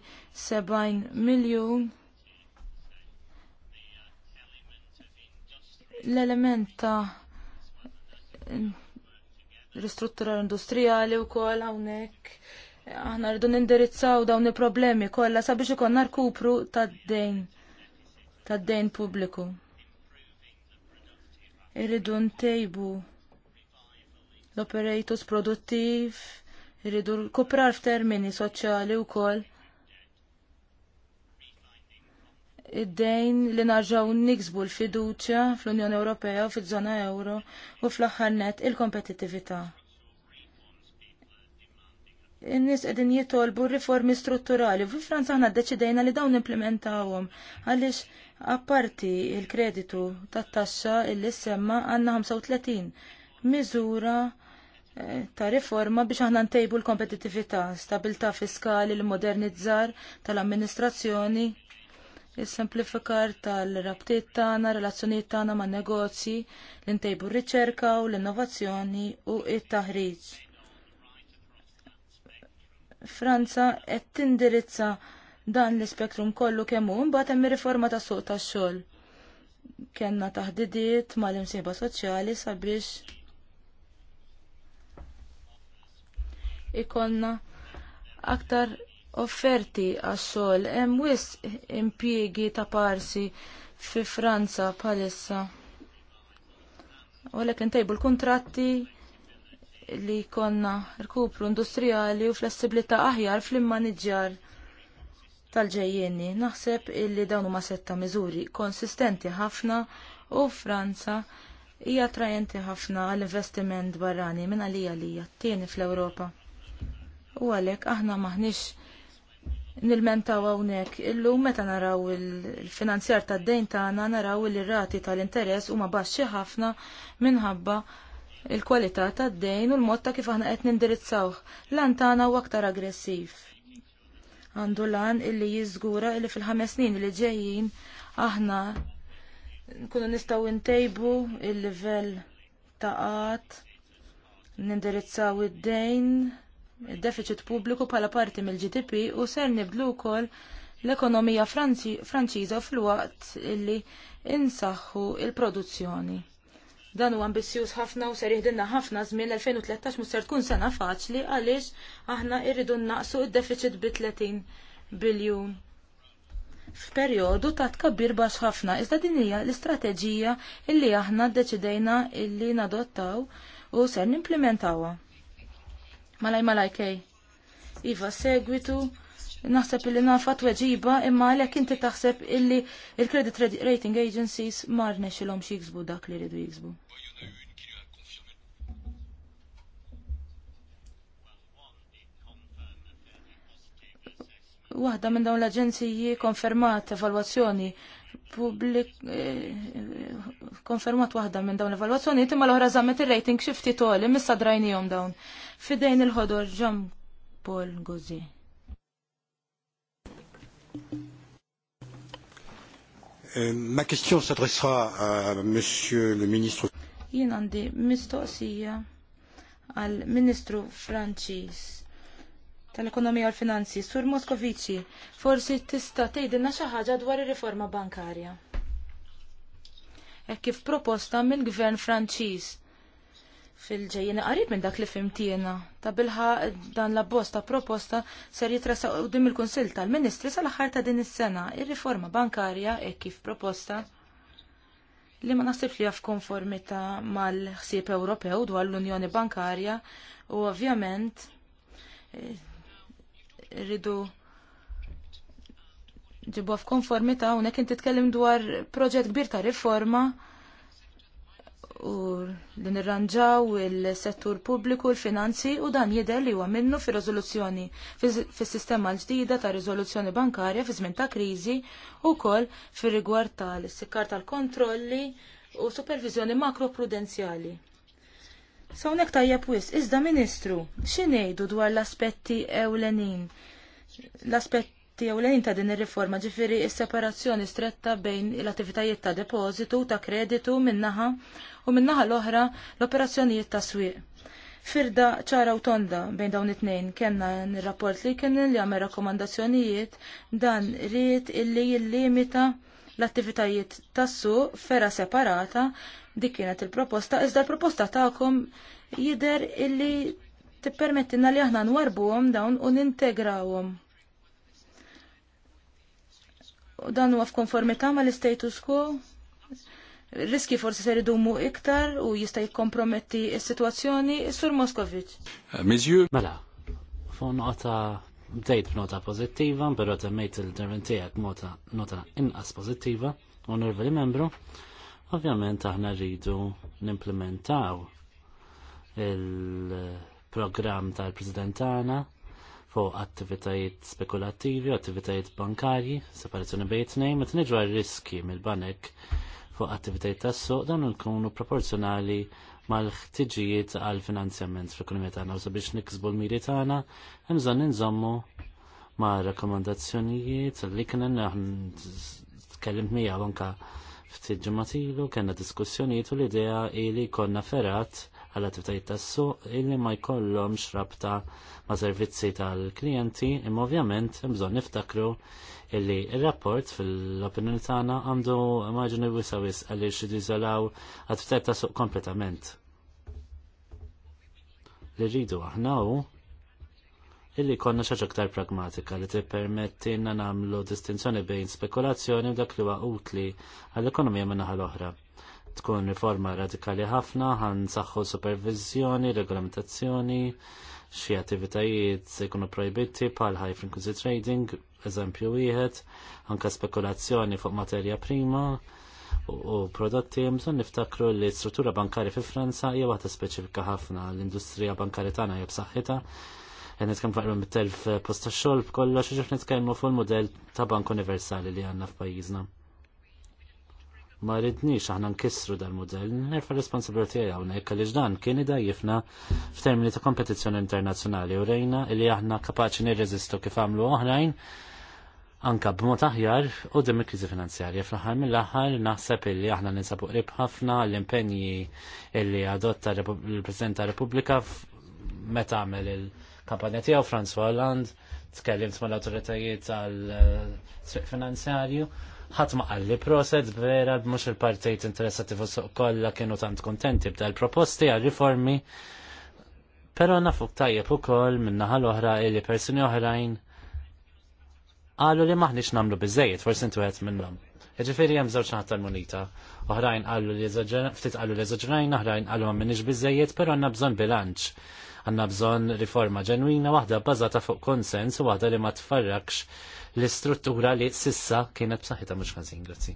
Speaker 3: 70 miljun l-element ta' ristruttura industrijali u kol hawnhekk. Aħna rridu nindirizzaw dawn il-problemi kollha sabiex ikonna rkupru tad-dejn tad-dejn pubbliku. Irridu ntejbu l-operatus produttiv, irridu l-kuprar f'termini soċjali u kol. id-dejn li narġaw niksbu l-fiduċja fl-Unjoni Ewropea u fil-żona euro u fl-aħħar net il-kompetittività. In-nies qegħdin jitolbu riformi strutturali u fi Franza aħna ddeċidejna li dawn implementawhom għaliex apparti il-kreditu tat-taxxa illi semma għandna 35 miżura eh, ta' riforma biex aħna ntejbu l-kompetittività, stabbiltà fiskali, l-modernizzar tal-amministrazzjoni, is-semplifikar tal-rabtiet tagħna, relazzjonijiet tagħna man negozji, l-intejbu r-riċerka u l-innovazzjoni u it-taħriġ. Franza qed tindirizza dan l-ispektrum kollu kemm hu mbagħad hemm riforma tas suq tax-xogħol. Kenna taħdidiet mal-imsieba soċjali sabiex ikollna aktar offerti għax-xogħol hemm wisq impjiegi ta' parsi fi Franza bħalissa. U għalhekk intejbu l-kuntratti li jkollna rkupru industrijali u flessibilità aħjar fl-immaniġġjar tal-ġejjeni. Naħseb illi dawn huma setta miżuri konsistenti ħafna u Franza hija attrajenti ħafna għall-investiment barrani minn għalija li t-tieni fl-Ewropa. U għalhekk aħna maħniex nil-mentaw għawnek. Illum meta naraw il-finanzjar tad dejn tagħna naraw il-rati tal-interess huma baxxi ħafna minħabba il-kwalità tad dejn u l-mod ta' kif aħna qed nindirizzawh. Lan tagħna u aktar aggressiv. Għandu lan illi jiżgura illi fil-ħames snin li ġejjin aħna nkunu nistgħu ntejbu il-livell ta' qatt nindirizzaw id-dejn il-deficit pubbliku bħala parti mill-GDP u ser nibdlu wkoll l-ekonomija Franċiża fil-waqt illi insaħħu il-produzzjoni. Dan huwa ambizzjuż ħafna u ser jihdinna ħafna żmien 2013 mhux ser tkun sena faċli għaliex aħna rridu naqsu id-deficit bi 30 biljun f'perjodu ta' tkabbir bax ħafna, iżda din hija l-istrateġija illi aħna ddeċidejna illi nadottaw u ser nimplementawha. Malaj malaj kej. Iva, segwitu, naħseb illi nafat weġiba, imma għalhekk inti taħseb illi il-credit rating agencies marne xilom jiksbu dak li jridu jiksbu. Waħda minn dawn l-aġenziji konfermat evalwazzjoni publik eh, konfermat waħda minn dawn l-evalwazzjoni imma l ohra żammet ir-rating xi ftit toli missa jom dawn fidejn il-ħodor ġom Paul Gozi.
Speaker 1: Euh, ma question s'adressera a Monsieur le Ministre.
Speaker 3: Jien għandi mistoqsija għal Ministru Franċis tal-Ekonomija u l-Finanzi, Sur Moskovici, forsi tista' tgħidilna xi ħaġa dwar ir-riforma bankarja. Hekk kif proposta mill-Gvern Franċiż fil ġejjina qarib minn dak li fimtiena. Ta' bilħa dan la bosta proposta ser jitrasa dim il-Kunsill tal-Ministri sal-aħħar ta' din is-sena ir-riforma bankarja e kif proposta li ma naħsibx li f'konformità mal-ħsieb Ewropew dwar l-Unjoni Bankarja u ovvjament e, rridu ġibu f'konformità hawnhekk inti titkellem dwar proġett kbir ta' riforma u li nirranġaw il-settur pubbliku l-finanzi u dan jidher li huwa minnu fi riżoluzzjoni fis-sistema l-ġdida ta' riżoluzzjoni bankarja fi żmien ta' kriżi wkoll fir-rigward tal-sikkar tal-kontrolli u supervizjoni makroprudenzjali. Sawnek tajjeb wis, iżda Ministru, x'ingħidu dwar l-aspetti ewlenin? L-aspetti tiegħu lejn ta' din ir-riforma ġifieri s-separazzjoni stretta bejn l-attivitajiet ta' depożitu ta' kreditu minnaħa u minnaħa l-oħra l-operazzjonijiet ta' swieq. Firda ċara u tonda bejn dawn it-tnejn kellna n-rapport li kien li għamel rakkomandazzjonijiet dan ried illi jillimita l-attivitajiet tas-suq fera separata dik kienet il-proposta iżda l-proposta tagħkom jidher illi tippermettina li aħna nwarbuhom dawn u nintegrawhom u dan huwa f'konformità mal istatus quo. Riski forsi ser idumu iktar u jista' jikkomprometti s-sitwazzjoni sur Moskovic.
Speaker 1: Eh, Mizju. Mela, fon nota bdejt b'nota pożittiva, però temmejt il-dervin tiegħek nota inqas pożittiva, onorevoli membru, ovvjament aħna rridu nimplementaw il-programm tal-President tagħna fuq attivitajiet spekulattivi, attivitajiet bankarji, separazzjoni bejt nejn, meta niġu riski mill-banek fuq attivitajiet tas-suq dan kunu proporzjonali mal-ħtiġijiet għal finanzjament fl-ekonomija tagħna u sabiex niksbu l-miri tagħna hemm bżonn inżommu ma' rakkomandazzjonijiet li kien tkellimt miegħu anke ftit ġimgħat ilu kellna diskussjonijiet u l-idea li konna ferat għal attivitajiet tas-suq illi ma jkollhomx rabta ma' servizzi tal-klijenti imma ovvjament bżonn niftakru illi ir-rapport fil-opinjoni tagħna għandu immaġni wisawis għaliex jiżolaw attivitajiet tas-suq kompletament. Li rridu aħna hu illi konna xaġ aktar pragmatika li tippermetti nagħmlu distinzjoni bejn spekulazzjoni u dak li huwa utli għall-ekonomija minn naħa l-oħra tkun riforma radikali ħafna, għan saħħu supervizjoni, regolamentazzjoni, xie attivitajiet se jkunu pal high frequency trading, eżempju wieħed, anka spekulazzjoni fuq materja prima u prodotti jemżon niftakru li struttura bankari fi Franza hija waħda speċifika ħafna l-industrija bankari tagħna hija b'saħħitha. Qed nitkellmu fuq mit-telf posta xogħol b'kollox ġif nitkellmu fuq il-mudell ta' bank universali li għandna f'pajjiżna ma ridniex aħna nkissru dal-modell, nerfa responsabilità hawnhekk għaliex dan kien idajifna f'termini ta' kompetizzjoni internazzjonali u rejna li aħna kapaċi nirreżistu kif għamlu oħrajn anka b'mod aħjar u dim il-kriżi finanzjarja. Fl-aħħar mill-aħħar naħseb illi aħna ninsabu qrib ħafna l-impenji li adotta l-President ta' Repubblika meta għamel il-kampanja tiegħu Franz Holland tkellimt mal awtoritajiet tal-triq finanzjarju ħadd ma proset vera mhux il partit interessati fuq kollha kienu tant kontenti l proposti għal riformi però nafuk tajjeb ukoll min-naħa l-oħra li persuni oħrajn qalu li maħniex nagħmlu biżejjed, forsi intu qed minnhom. Jiġifieri hemm żewġ naħat tal-munita. Oħrajn qalu li ftit qalu li eżaġrajn, oħrajn qalu ma minniex biżejjed, però għandna bżonn bilanċ. Għandna bżonn riforma ġenwina waħda bbażata fuq konsens u waħda li ma tfarrakx l-istruttura li sissa kienet b'saħħitha mhux ħażin, grazzi.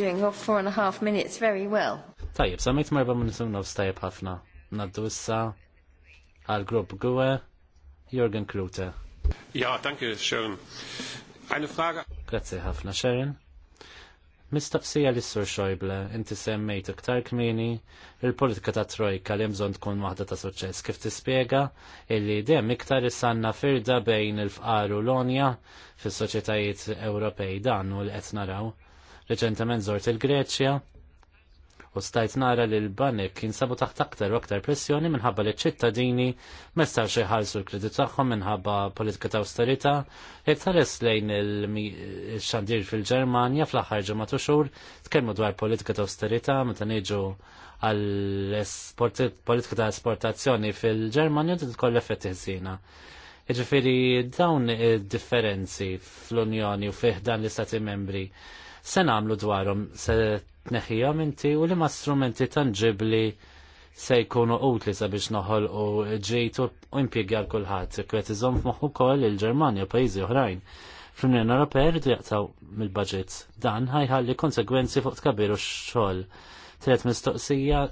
Speaker 1: doing your four and a half minutes very well. Tajjeb, samajt marba minn nofs tajjeb ħafna. Naddu issa għal grupp Gwe, Jorgen Krute. Ja, danke, Sharon. Eine Frage. Grazie Hafner Sharon. Mistaqsija li sur xojble, inti semmejt iktar kmini, il-politika ta' trojka li mżon tkun waħda ta' suċċess. Kif tispjega illi dem iktar isanna firda bejn il-fqar u l-onja fis soċjetajiet Ewropej dan u l-qed naraw. Reċentement zort il-Greċja, u stajt nara li l-banek jinsabu taħt aktar u aktar pressjoni minħabba li ċittadini mestar xieħalsu l-kredit tagħhom minħabba politika ta' austerita, tħares lejn il-xandir fil-Ġermanja fl-aħħar ġimgħat u xhur tkellmu dwar politika ta' austerita meta niġu għal politika ta' esportazzjoni fil-Ġermanja titkoll effetti ħsiena. Jiġifieri dawn id-differenzi fl-Unjoni u fih dan l-Istati membri se nagħmlu dwarhom se neħija minti u li ma strumenti tangibli se jkunu utli sabiex noħol u ġejtu u impiegar kullħat. Kwet iżom f'moħħu koll il-Ġermanja u pajjiżi oħrajn. Fl-Unjoni Ewropea rridu jaqtaw mill-budget. Dan ħajħalli konsegwenzi fuq tkabiru x-xogħol. Tret mistoqsija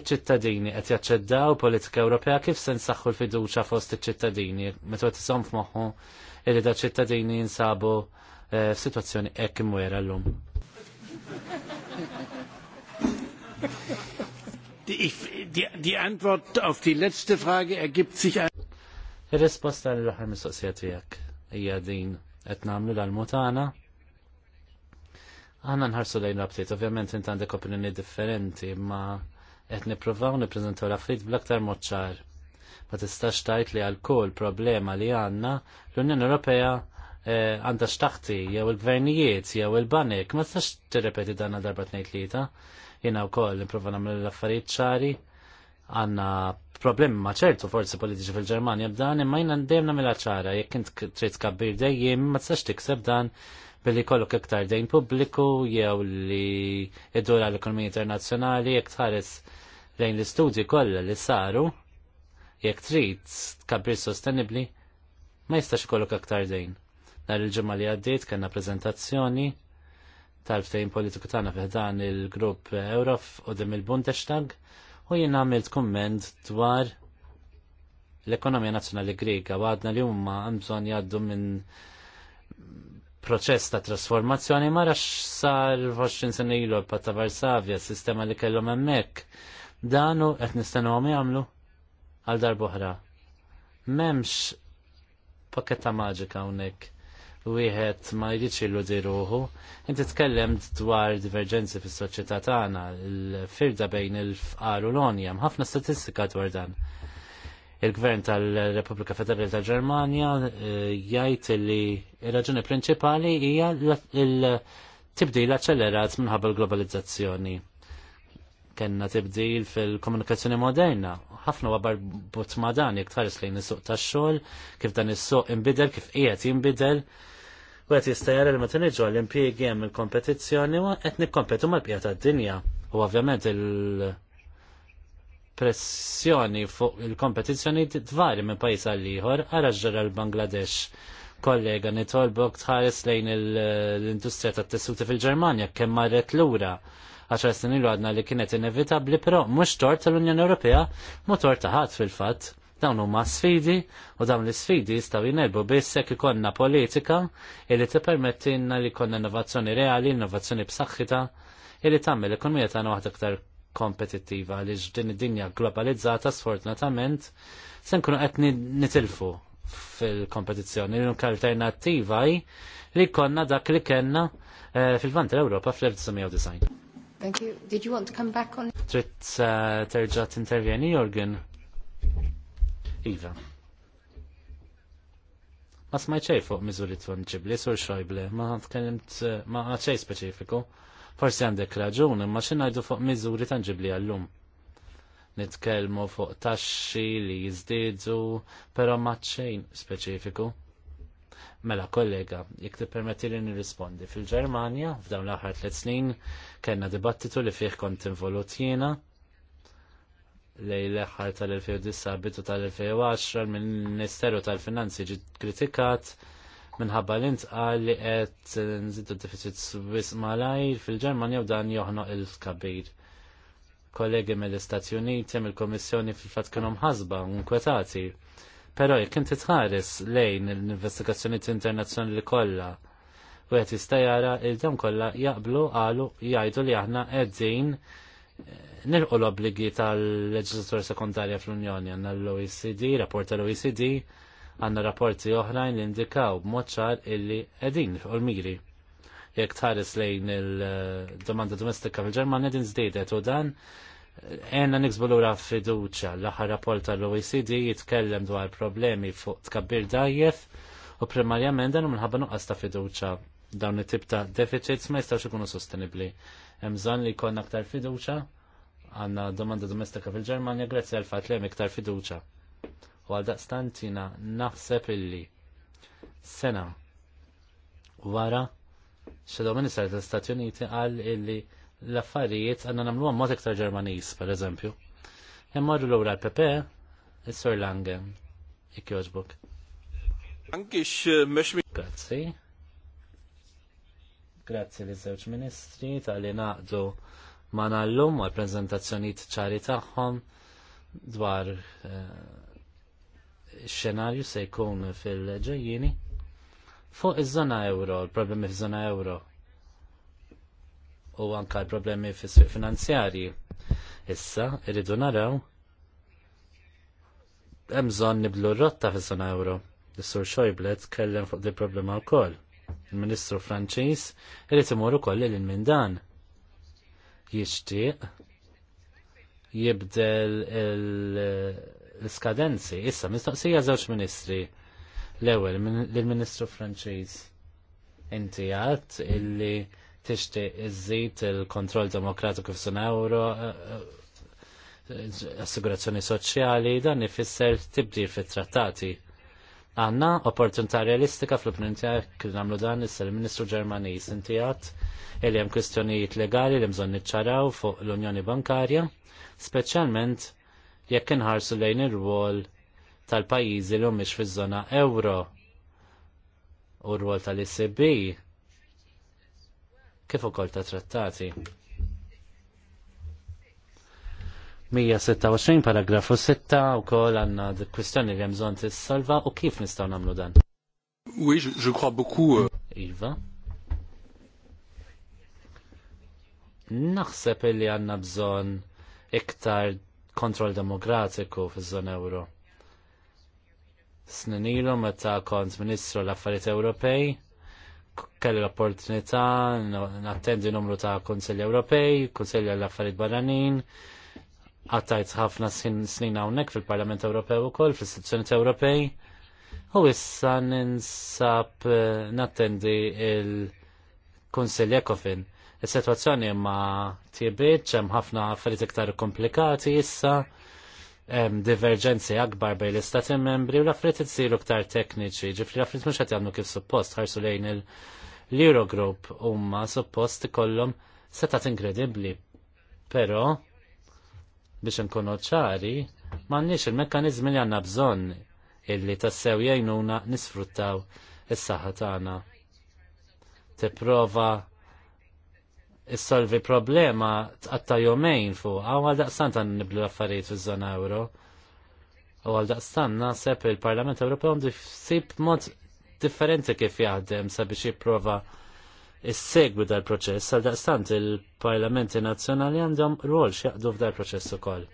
Speaker 1: iċ-ċittadini qed jaċċeddaw politika Ewropea kif se nsaħħu l-fiduċja fost iċ-ċittadini meta qed isom f'moħħu li da ċittadini jinsabu eh, f'sitwazzjoni hekk imwera llum
Speaker 3: ir
Speaker 1: die, Antwort auf die letzte Frage ergibt sich ein. Il-risposta l aħħar mistoqsija tiegħek hija din qed nagħmlu l-mutana. Aħna nħarsu lejn rabtiet, ovvjament int għandek opinjoni differenti, ma qed nippruvaw nippreżentaw l-affarijiet bl-aktar mod ċar. Ma tistax tajt li għal kull problema li għandna l-Unjoni Ewropea Eh, għanda xtaħti jew il-gvernijiet jew il-banek, ma tistax tirrepeti dan darba tnejn tlieta. Jiena wkoll nipprova nagħmel l-affarijiet ċari għandna problemi ma' ċertu forzi politiċi fil-Ġermanja b'dan imma jiena dejjem nagħmilha ċara jekk int trejt tkabbir dejjem ma tistax tikseb dan billi kollok iktar dejn pubbliku jew li id-dura l ekonomija internazzjonali jekk tħares lejn l-istudji kollha li saru jekk trid tkabbir sostenibbli ma jistax ikollok iktar dejn. Nar il-ġemma li għaddit kena prezentazzjoni tal-ftejn politiku tagħna fiħdan il-grupp Eurof u dim il-Bundestag u jien għamilt komment dwar l-ekonomija nazzjonali Griega u għadna li huma għandhom bżonn jgħaddu minn proċess ta' trasformazzjoni ma rax sar 20 sena ilu ta' Varsavja, sistema li kellhom hemmhekk. Danu qed nistennuhom jagħmlu għal darbohra. M'hemmx pakketta maġika hawnhekk wieħed ma jridx illudi ruħu. Inti tkellem dwar diverġenzi fis-soċjetà tagħna, il-firda bejn il-fqar u l-onja, ħafna statistika dwar dan. Il-Gvern tal-Repubblika Federali tal-Ġermanja eh, jgħid li ir-raġuni prinċipali hija il-tibdil aċċelerat minħabba l-globalizzazzjoni kenna tibdil fil-komunikazzjoni moderna. ħafna wabar but ma dan jek tħares lejn is-suq tax-xogħol, kif dan is-suq inbidel, kif qiegħed jinbidel, U għet jistajar il meta niġu għall-impiegi hemm il-kompetizzjoni u qed nikkompetu mal pjata tad-dinja. U ovvjament il-pressjoni fuq il-kompetizzjoni tvari minn pajjiż għal ieħor għarraġġar għal l-Bangladesh kollega nitolbok tħares lejn l-industrija tat tessuti fil-Ġermanja kemm marret lura għaxar s ilu għadna li kienet inevitabli, però mhux tort tal-Unjoni Ewropea, mu tort taħat fil-fatt. Dawn huma sfidi u dawn l-sfidi jistgħu jingħelbu biss jekk ikollna politika li tippermettilna li jkollna innovazzjoni reali, innovazzjoni b'saħħitha li tagħmel l-ekonomija tagħna waħda aktar kompetittiva li din id-dinja globalizzata sfortunatament se nkunu qed nitilfu fil-kompetizzjoni. L-unika alternattiva li konna dak li kellna eh, fil-vant l-Ewropa fl-1990.
Speaker 3: Thank you. Did you want to come back on?
Speaker 1: Trid eh, terġa' t-intervjeni, Jorgen? Iva. Ma xej fuq miżuri tfunġibli, sur xojble, ma tkellimt eh, ma ċej speċifiku. Forsi għandek raġun, imma xinajdu fuq miżuri tangibli għallum. Nitkellmu fuq taxxi li jizdidżu, pero ma ċejn speċifiku. Mela kollega, jek ti permetti li nirrispondi. Fil-Germania, f'dawn l-aħħar tliet snin, kellna dibattitu li fih kont involut jiena lej l aħħar tal-2009 bitu tal-2010 l-Ministeru tal-Finanzi ġi kritikat minħabba l-intqal li qed nżidu deficit Swiss malajr fil-Ġermanja u dan joħloq il-kabir. Kollegi mill-Istati Uniti, mill kummissjoni fil-fatt kienu mħasba, nkwetati. Però jekk inti tħares lejn l-investigazzjonijiet internazzjonali kollha u qed jista' jara il-dem kollha jaqblu qalu jgħidu li aħna qegħdin nilqu l-obligi tal-leġislatura sekundarja fl-Unjoni għanna l-OECD, rapport tal-OECD, għanna rapporti oħrajn li indikaw b'moċċar illi edin fuq il-miri. Jek tħares lejn il-domanda domestika fil-Ġermanja din żdiedet u dan għenna niksbulura fiduċa l-aħħar rapport tal-OECD jitkellem dwar problemi fuq tkabbir dajjef u primarjament dan minħabba nuqqas ta' fiduċa dawn it-tip ta' deficits ma jistawx ikunu sostenibli. Hemm bżonn li jkollna aktar fiduċa għandna domanda domestika fil-Ġermanja grazzi għal fatt li hemm iktar fiduċa. U għal daqstant jiena naħseb illi sena wara xedaw minister tal-Stati Uniti qal illi l-affarijiet għandna nagħmluhom mod iktar Ġermaniż, pereżempju. Hemm marru l l-PP, is sur Langen, ik joġbok. Anki x-mexmi. Grazzi. Grazzi li żewġ ministri tal-li naqdu ma nallum għal prezentazzjoniet ċari tagħhom dwar eh, xenarju se jkun fil-ġejjini fuq iż-żona euro, l-problemi fiż-żona euro u anka l-problemi fis-suq finanzjarji. Issa, irridu naraw hemm bżonn niblu r rotta fiż-żona euro. Is-sur Xojblet kellem fuq di problema wkoll il-Ministru Franċiż irid imur ukoll lil minn dan. Jixtieq jibdel l-skadenzi. Issa mistoqsija żewġ ministri. L-ewwel lill-Ministru Franċiż. Inti għadt illi tixtieq iżżid il-kontroll demokratiku f'sun euro eh, eh, eh, assigurazzjoni soċjali dan ifisser tibdil fit-trattati Għanna opportunità realistika fl-opinjoni kien nagħmlu dan issa l-Ministru Ġermaniż inti għad li hemm kwistjonijiet legali li bżonn niċċaraw fuq l-Unjoni Bankarja, speċjalment jekk inħarsu lejn ir-rwol tal-pajjiżi li mhumiex fiż-żona euro u r-rwol tal-ECB kif ukoll ta' trattati. 126 paragrafu 6 u kol għanna kwistjoni li għemżon t-salva u kif nistaw namlu dan? Oui, je, crois beaucoup. Euh, iva. Naħseb li għanna bżon iktar kontrol demokratiku f żon euro. Sninilu meta kont ministru l-affarijiet Ewropej, kelli l-opportunità nattendi numru ta' Konsilja Ewropej, Konsilja l-affarijiet Barranin, għattajt ħafna snin hawnhekk fil-Parlament Ewropew ukoll fl sizzjoni Ewropej. U issa ninsab eh, nattendi il-Kunsill Ekofin. Is-sitwazzjoni ma tibiet hemm ħafna affarijiet iktar komplikati issa hemm divergenzi akbar bejn l-istati membri u l-affarijiet isiru iktar tekniċi, ġifri l-affarijiet mhux qed jagħmlu kif suppost ħarsu lejn l-Eurogroup huma suppost ikollhom setat inkredibbli. Però biex nkunu ċari, m'għandniex il-mekkaniżmi li għandna bżonn illi tassew jgħinuna nisfruttaw is-saħħa tagħna. Tipprova issolvi problema tqatta jomejn fuq għaw għal daqstan tan niblu l-affarijiet fiż-żona euro. U għal daqstan naħseb il-Parlament Ewropew għandu jsib mod differenti kif jaħdem sabiex jipprova is-segwi dal-proċess għal daqstant il-Parlamenti Nazzjonali għandhom rol x'jaqdu f'dal-proċess ukoll.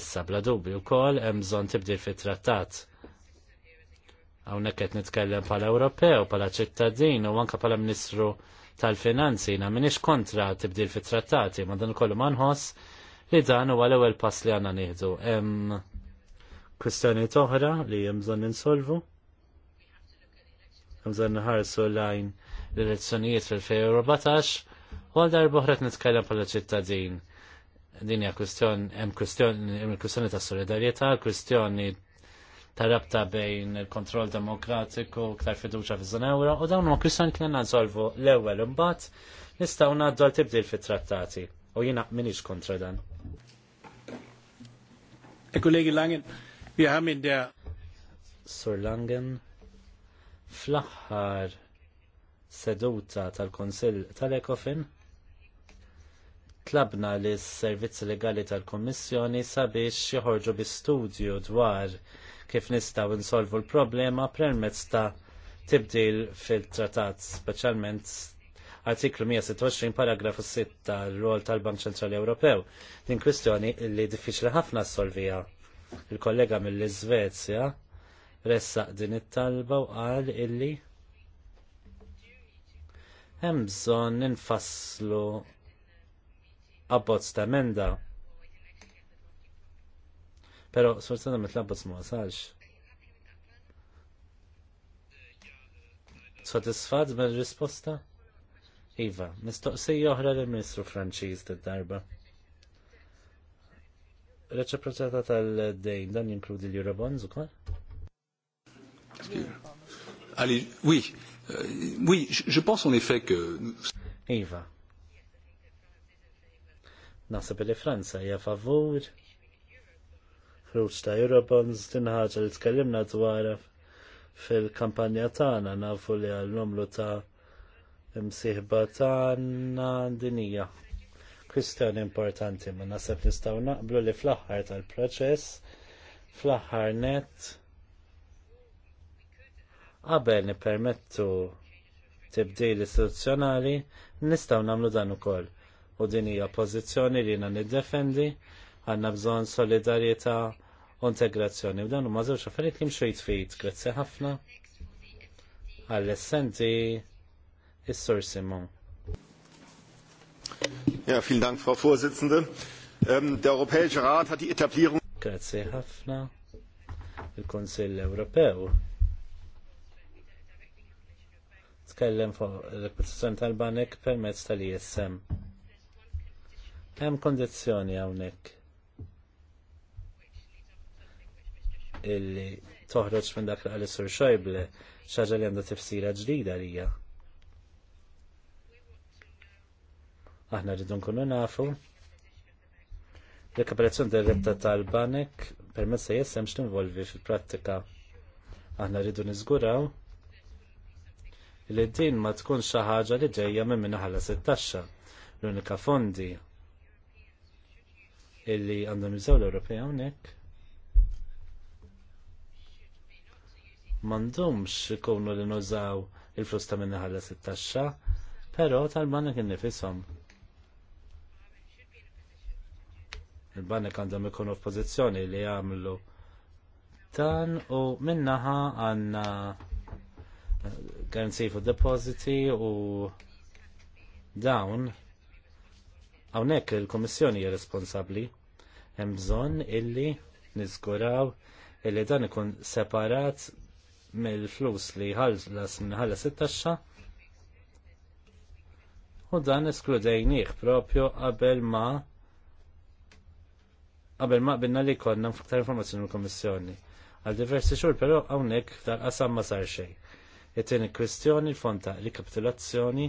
Speaker 1: Issa bla dubju wkoll hemm bżonn tibdil fit-trattat. Hawnhekk qed nitkellem bħala Ewropew, bħala ċittadin u anke bħala Ministru tal-Finanzi na minix kontra tibdil fit-trattati, ma dan ma nħoss li dan huwa l-ewwel pass li għandna nieħdu. Hemm kwistjoni toħra li hemm bżonn insolvu. Hemm bżonn l lajn l-elezzjonijiet fil-2014 u għal darba oħra nitkellem bħala ċittadin. Din hija kwistjoni hemm kwistjoni ta' solidarjetà, kwistjoni ta' rabta bejn il-kontroll demokratiku u ktar fiduċa fi Ewro, euro u dawn ma' kwistjoni kien nazolvu l-ewwel imbagħad nistgħu ngħaddu tibdil fit-trattati u jiena minix kontra dan. E kollegi Langen, wir haben in der Sur Langen fl-aħħar seduta tal-Konsil tal-Ekofin tlabna li s-servizzi legali tal kummissjoni sabiex joħorġu bi studju dwar kif nistgħu insolvu l-problema permezz ta' tibdil fil-trattat, speċjalment artiklu 126 paragrafu 6 tal-rol tal-Bank Ċentrali Ewropew. Din kwistjoni li diffiċli ħafna solvija. Il-kollega mill-Iżvezja ressaq din it-talba u qal illi hemm bżonn ninfasslu abbozz ta' emenda. Però sforzata l abbozz ma wasalx. Sodisfat bil-risposta? Iva, mistoqsija oħra lill ministru Franċiż tid-darba. Reċiproċità tal-dejn dan jinkludi l-Eurobonds ukoll?
Speaker 3: Għali, wi, Euh, oui, je, pense en effet que.
Speaker 1: Eva. Nasa li Franza hija favur flus ta' Eurobonds tinħaġa li tkellimna dwar fil-kampanja tagħna nafu li għall-numru ta' imsieħba tagħna dinija. Kwistjoni importanti ma naħseb nistgħu naqblu li fl-aħħar tal-proċess fl-aħħar net qabel nipermettu tibdil istituzzjonali nistgħu nagħmlu dan ukoll. U din hija pożizzjoni li jiena niddefendi għandna bżonn solidarjetà u integrazzjoni. U dan huma żewġ affarijiet li mxejt jitfid. Grazzi ħafna għall-essenti is-Sur Simon. Ja, vielen Dank, Frau Vorsitzende. Ähm, der Europäische Rat hat die Etablierung. Grazie, Hafna. Il-Konsill Ewropew tkellem fuq il reputazzjoni tal-banek permezz tal-ISM. Hemm kondizzjoni hawnhekk illi toħroġ minn dak li sur xojble xaġa li għandha tifsira ġdida lija. Aħna rridu nkunu nafu l-kaperazzjoni tal-rebta tal-banek permezz ta' jessem x'tinvolvi fil-prattika. Aħna rridu niżguraw li din ma tkun xi ħaġa li ġejja minn minna ħalla sittaxxa. L-unika fondi illi għandhom jużaw l-Ewropej hawnhekk. M'għandhomx ikunu li nużaw il-flus ta' minna ħalla sittaxxa, però tal kien innifisom. il-banek għandhom ikunu f'pożizzjoni li jagħmlu dan u minnaħa għandna Guarantee for depositi u dawn hawnhekk il-Kummissjoni hija responsabbli hemm bżonn illi niżguraw illi dan ikun separat mill-flus li ħallas minħallas it-taxxa u dan eskludejnieh propju qabel ma qabel ma binna li konna f'iktar informazzjoni mill komissjoni Għal diversi xhur però hawnhekk tal-qasam ma sar xejn. It-tieni kwestjoni l-fond ta' rikapitulazzjoni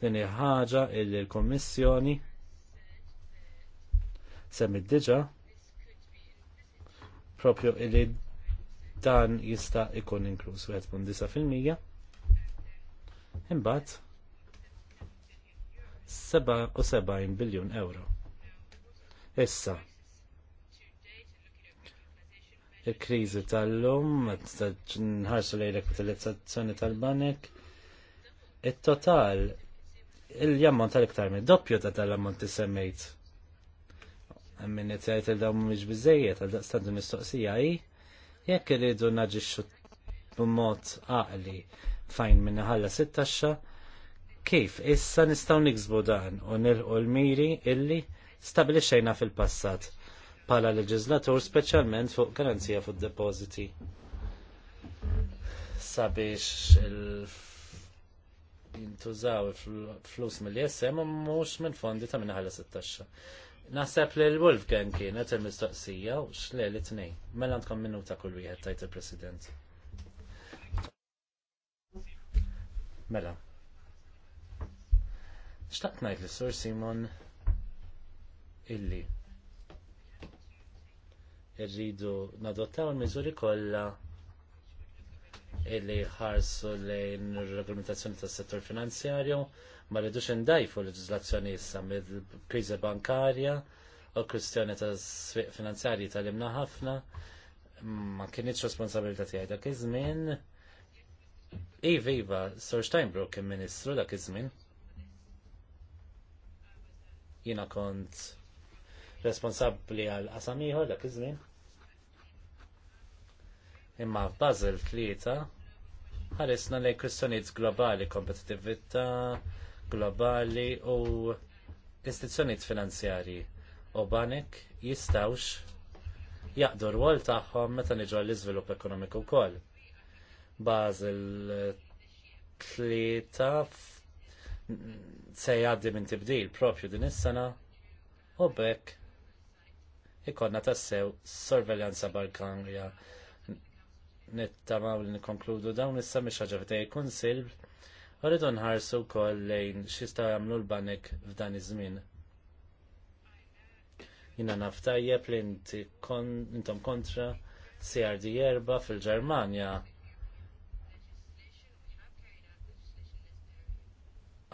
Speaker 1: din ħaġa li l-Kommissjoni semmi diġa propju li dan jista' ikun inkluż wieħed punt disa' fil-mija. Imbagħad 77 biljun euro. Issa, il-kriżi tal-lum, nħarsu t rekapitalizzazzjoni tal-banek, it-total il-jammont tal-iktar minn doppju ta' tal-ammont semmejt. Minn it-tajt il-dawn mhux biżejjed għal-daqstandu mistoqsija hi, jekk irridu naġixxu b'mod għaqli fajn minn ħalla sittaxa, kif issa nistgħu niksbu dan u nilqu l-miri illi stabilixxejna fil-passat pala leġislatur speċjalment fuq garanzija fuq depositi. Sabiex il jintużaw flus mill-jessem u mux minn fondi ta' minna ħalla 16. Naħseb li l-Wolfgang kienet il-mistoqsija u xle li t-nej. Mela għandkom minuta kull wieħed tajt il-President. Mela. Xtaqt najt li Sur Simon illi irridu nadottaw il-miżuri kollha illi ħarsu lejn regolamentazzjoni tas settur finanzjarju ma rridux indajfu l-leġizlazzjoni issa mill-kriżi bankarja u kwistjoni ta' swieq finanzjarji tal-imna ħafna ma kienieċ responsabilità tiegħi dak iż-żmien. I iva, iva, Sir Steinbrook kien ministru dak iż-żmien. Jiena kont responsabbli għal qasam ieħor dak iż-żmien. Imma f'Basel tlieta ħaresna lejn kwistjonijiet globali, kompetittività globali u istituzzjonijiet finanzjarji u banek jistawx jaqdu r-wol tagħhom meta niġu għall-iżvilupp ekonomiku wkoll. Bażil tlieta se jgħaddi minn tibdil propju din is-sena u bekk ikonna tassew sorveljanza balkanja nittamaw li nikonkludu dawn issa mhix ħaġa f'dej kunsil u rridu nħarsu wkoll lejn x'jista' jagħmlu l-banek f'dan iż-żmien. Jiena naf tajjeb li inti intom kontra CRD erba fil-Ġermanja.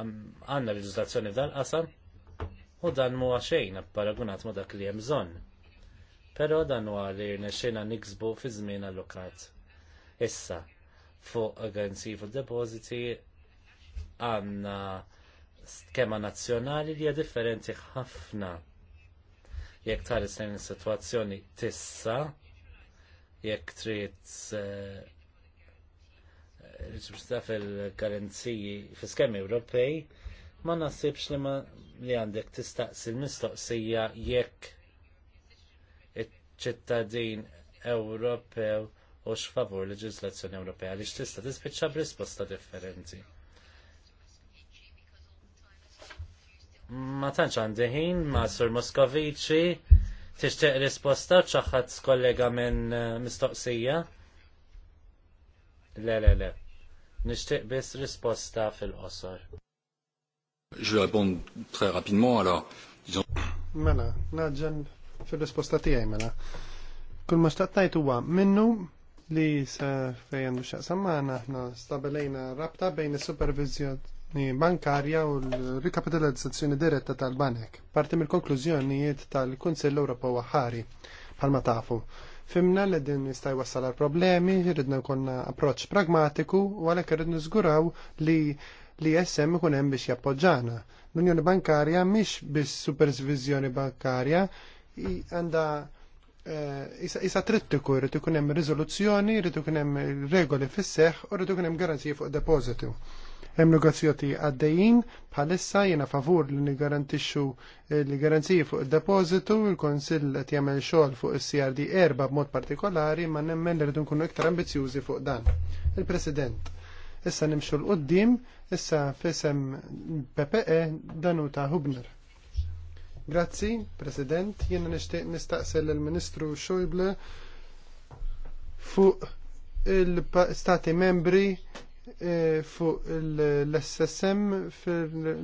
Speaker 1: Għanna leġislazzjoni f'dan qasam u dan mu xejn apparagunat ma dak li hemm bżonn. Però dan huwa li rnexxejna niksbu fi żmien allokat. Issa, fuq garanzi fuq depositi għanna skema nazzjonali li hija differenti ħafna. Jekk tħares lejn is-sitwazzjoni tissa, jekk trid l-ġibsta eh, fil-garanziji fil-skemi Ewropej, ma nasibx li ma li għandek tistaqsi l-mistoqsija jekk ċittadin Ewropew u x'favur leġiżlazzjoni Ewropea li tista' tispiċċa b'risposta differenti. Ma tantx għandi ħin ma' Sur Moskovici tixtieq risposta ċaħat kollega minn eh, mistoqsija. Le, le, le. Nixtieq biss risposta fil-qosor.
Speaker 3: Je réponds très rapidement alors.
Speaker 1: Mela, naġġan
Speaker 2: fil-risposta tiegħi mela. Kull ma xtaqt ngħid huwa minnu li se fejn mux samana aħna stabilejna rabta bejn is-supervizjoni bankarja u l-rikapitalizzazzjoni diretta tal-banek. Parti mill-konklużjonijiet tal-Kunsill Ewropew Aħari bħalma tafu. Fimna li din jista' jwassal għal problemi, ridna konna approċċ pragmatiku u għalhekk irrid niżguraw li li SM ikun hemm biex jappoġġana. L-Unjoni Bankarja mhix biss supervizjoni bankarja għandha Eh, isa trittiku, rritu kunem rizoluzzjoni, rritu kunem regoli fisseħ, u rritu kunem garanzija fuq depozitu. Hemm negozjoti għaddejjin bħalissa jiena favur li nigarantixxu eh, li garanziji fuq id-depożitu, il-Konsill qed jagħmel xogħol fuq is-CRD erba b'mod partikolari ma nemmen li rridu nkunu iktar ambizzjużi fuq dan. Il-President, issa nimxu l-qudiem, issa fisem PPE Danuta Hubner. Grazzi, President. Jiena nixtieq nistaqsel il-Ministru Xojble fuq il-Stati membri eh, fuq l-SSM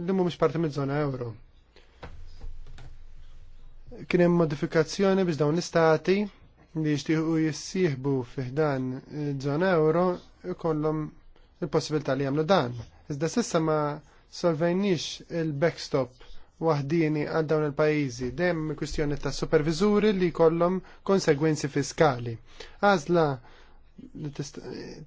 Speaker 2: li mhumiex parti mid żona euro. Kien hemm modifikazzjoni biex dawn l-istati li jixtiequ jissieħbu fiħdan żona euro ikollhom il-possibilità li jagħmlu dan. Iżda s'issa ma solvejniex il-backstop waħdini għal dawn il-pajjiżi Dem kwistjoni ta' superviżuri li jkollhom konsegwenzi fiskali. Għażla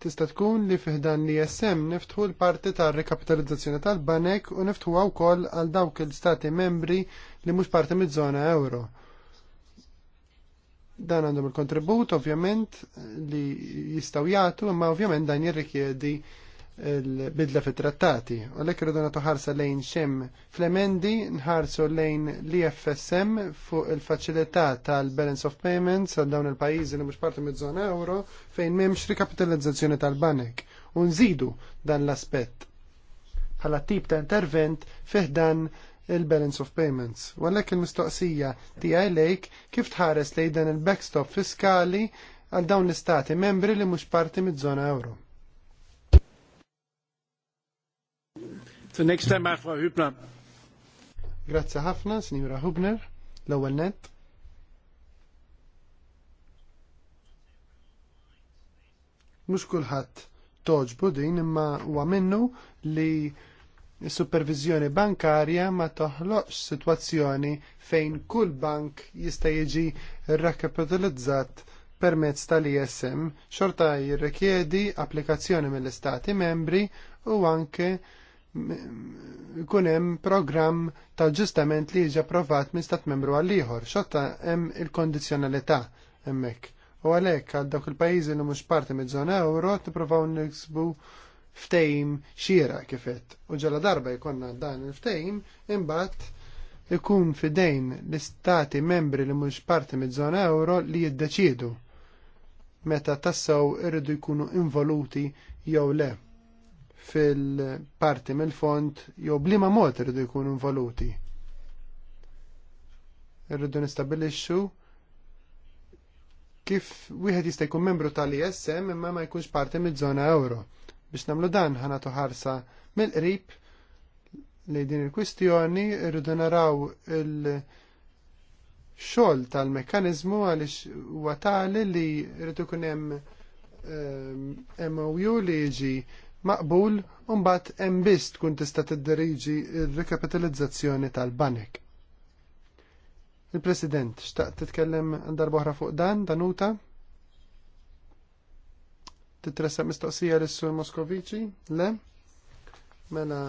Speaker 2: tista' tkun li fiħdan li jessem niftħu l-parti tar rekapitalizzazzjoni tal-banek u niftħuha wkoll għal dawk il-stati membri li mhux parti miż-żona euro. Dan għandhom il-kontribut ovvjament li jistgħu jagħtu, imma ovvjament dan jirrikjedi il-bidla fit trattati u l donatu ħarsa lejn xem fl-emendi nħarsu lejn l-IFSM fuq il-facilità tal-Balance of Payments għal dawn il-pajizi li mux parti mid-zona euro fejn memx rikapitalizzazzjoni tal-banek u nżidu dan l-aspett bħala tip ta' intervent dan il-Balance of Payments. U għalhekk il-mistoqsija tiegħi lejk kif tħares lejn dan il-backstop fiskali għal dawn l-istati membri li mhux parti miż-żona euro. Zunächst einmal, Frau Hübner. Grazie ħafna, Signora Hübner. L-ewwel net. Mhux kulħadd toġbu din imma u minnu li supervizjoni bankarja ma toħloqx sitwazzjoni fejn kull bank jista' jiġi rrakapitalizzat permezz tal-ISM xorta jirrikjedi applikazzjoni mill-Istati membri u anke ikun hemm programm ta' ġustament li jiġi approvat minn stat membru għal ieħor, xotta hemm il-kondizzjonalità hemmhekk. U għalhekk għal dawk il-pajjiżi li mhux parti miż-żona euro tippruvaw niksbu ftejm kif kifet. U ġala darba jkollna dan il ftehim imbagħad ikun fidejn l-istati membri li mhux parti miż-żona euro li jiddeċiedu meta tassaw irridu jkunu involuti jew le fil-parti mill-fond jew blima mod irridu jkunu involuti. Irridu nistabilixxu kif wieħed jista' jkun membru tal-ISM imma ma jkunx parti miż-żona euro. Biex nagħmlu dan ħanatu ħarsa mill-qrib li din il-kwistjoni irridu naraw il- xogħol tal-mekkaniżmu għaliex huwa tali li rridu jkun hemm eh, MOU li jiġi maqbul u mbagħad hemm biss tkun tista' tiddiriġi r-rikapitalizzazzjoni tal-banek. Il-President, xtaqt titkellem darba boħra fuq dan, Danuta? Titressa mistoqsija l-Sur Moskovici? Le? Mela,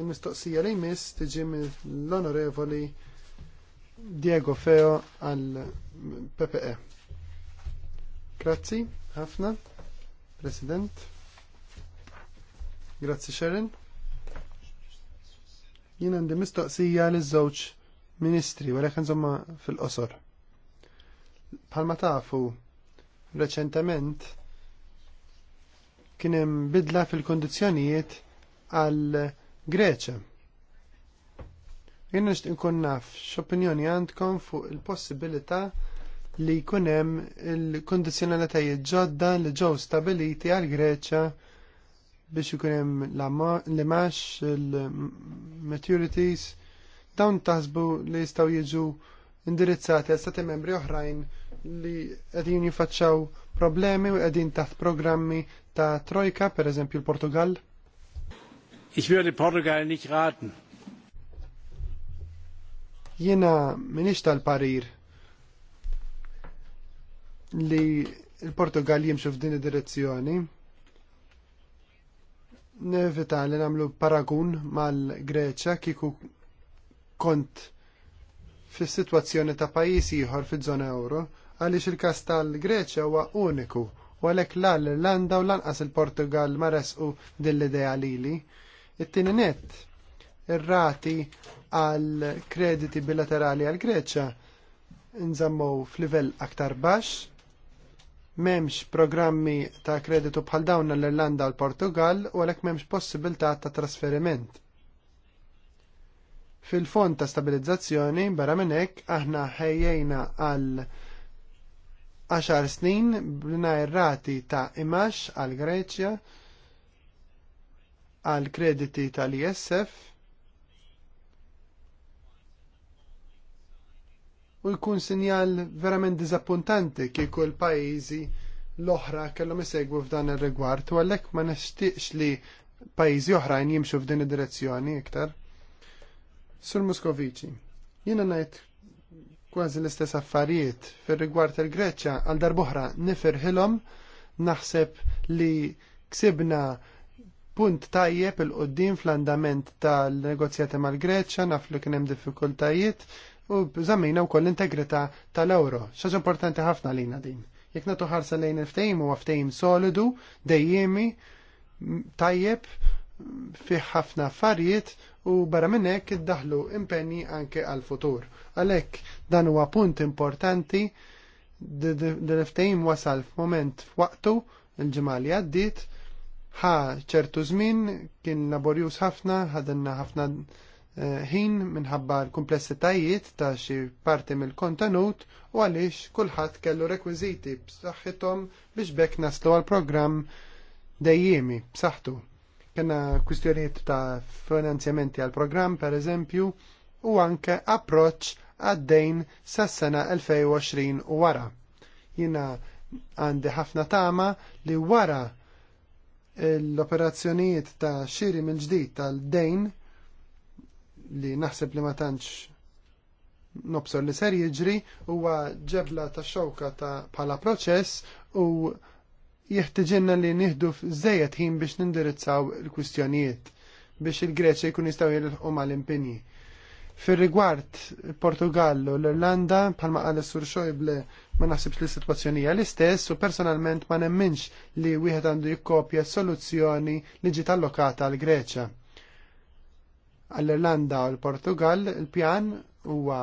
Speaker 2: il-mistoqsija li jmiss tiġi mill-Onorevoli Diego Feo għal PPE. Grazzi, ħafna, President. Grazzi Sharon. Jien għandi mistoqsija li żewġ ministri, għalek nżomma fil-qosor. Palma tafu, reċentament kien hemm bidla fil kundizzjonijiet għal Greċa. Jien nixtieq inkun naf x'opinjoni għandkom fuq il-possibilità li jkun hemm il kundizzjonalitajiet ġodda li ġew stabiliti għal Greċja biex ikun hemm l-imax, il-maturities, dawn taħsbu li jistgħu jiġu indirizzati għal stati membri oħrajn li qegħdin jifaċċaw problemi u qegħdin taħt programmi ta' trojka, pereżempju l-Portugal?
Speaker 1: Ich würde Portugal nicht raten.
Speaker 2: Jiena minix tal-parir li l-Portugal jimxu f'din id-direzzjoni nevita li namlu paragun mal-Greċa kiku kont fis situazzjoni ta' pajisi ieħor fi zona euro għaliex il-kas tal-Greċja huwa uniku u għalhekk l-Irlanda u lanqas il-Portugal ma resqu dill-idea lili. It-tieni nett ir-rati għal krediti bilaterali għal Greċja nżammu f'livell aktar baxx memx programmi ta' kreditu bħal dawn l-Irlanda u l-Portugal u għalhekk memx possibilità ta' trasferiment. Fil-fond ta' stabilizzazzjoni barra minn hekk aħna ħejjejna għal 10 snin b'najr rati ta' imax għal Greċja għal krediti tal-ISF u jkun sinjal verament diżappuntanti kie l-pajjiżi l-oħra kellhom misegwu f'dan ir-rigward u għalhekk ma nixtieqx li pajjiżi oħrajn jimxu f'din id-direzzjoni iktar. Sur Muskovici, jiena ngħid kważi l-istess affarijiet fir-rigward il-Greċja għal darbuħra nifirħilhom naħseb li ksibna punt tajjeb il-qoddim fl-andament tal-negozjati mal-Greċja, naf li kien hemm diffikultajiet, u zammina wkoll l-integrità tal-euro. Xaġ importanti ħafna lina din. Jekk nagħtu ħarsa lejn il-ftehim huwa ftehim solidu, dejjemi, tajjeb, fih ħafna affarijiet u barra minn hekk iddaħlu impenni anke għal futur. Għalhekk dan huwa punt importanti d ftejm wasal f'moment f'waqtu il-ġimgħa li għaddiet ħa ċertu żmien kien laborjuż ħafna, ħadenna ħafna ħin minħabba l-komplessitajiet ta' xi parti mill-kontenut u għaliex kulħadd kellu rekwiżiti b'saħħithom biex bekk naslu għal programm dejjemi b'saħħtu. Kenna kwistjonijiet ta' finanzjamenti għal programm per eżempju u anke approċċ għaddejn sas-sena 2020 u wara. Jina għandi ħafna tama li wara l-operazzjonijiet ta' xiri mill-ġdid tal-dejn li naħseb li ma tantx nobsor li ser jiġri huwa ġebla ta' xewka ta' bħala proċess u jeħtiġinna li nieħdu f'żejjed ħin biex nindirizzaw il-kwistjonijiet biex il-Greċja jkun jistgħu jilħqu mal-impinji. Fir-rigward Portugallu l-Irlanda, bħalma qal sur Xojble ma naħsibx li s-sitwazzjoni hija l-istess u personalment ma nemminx li wieħed għandu jikkopja soluzzjoni li ġiet allokata għal Greċja Għall-Irlanda u l-Portugal il-pjan huwa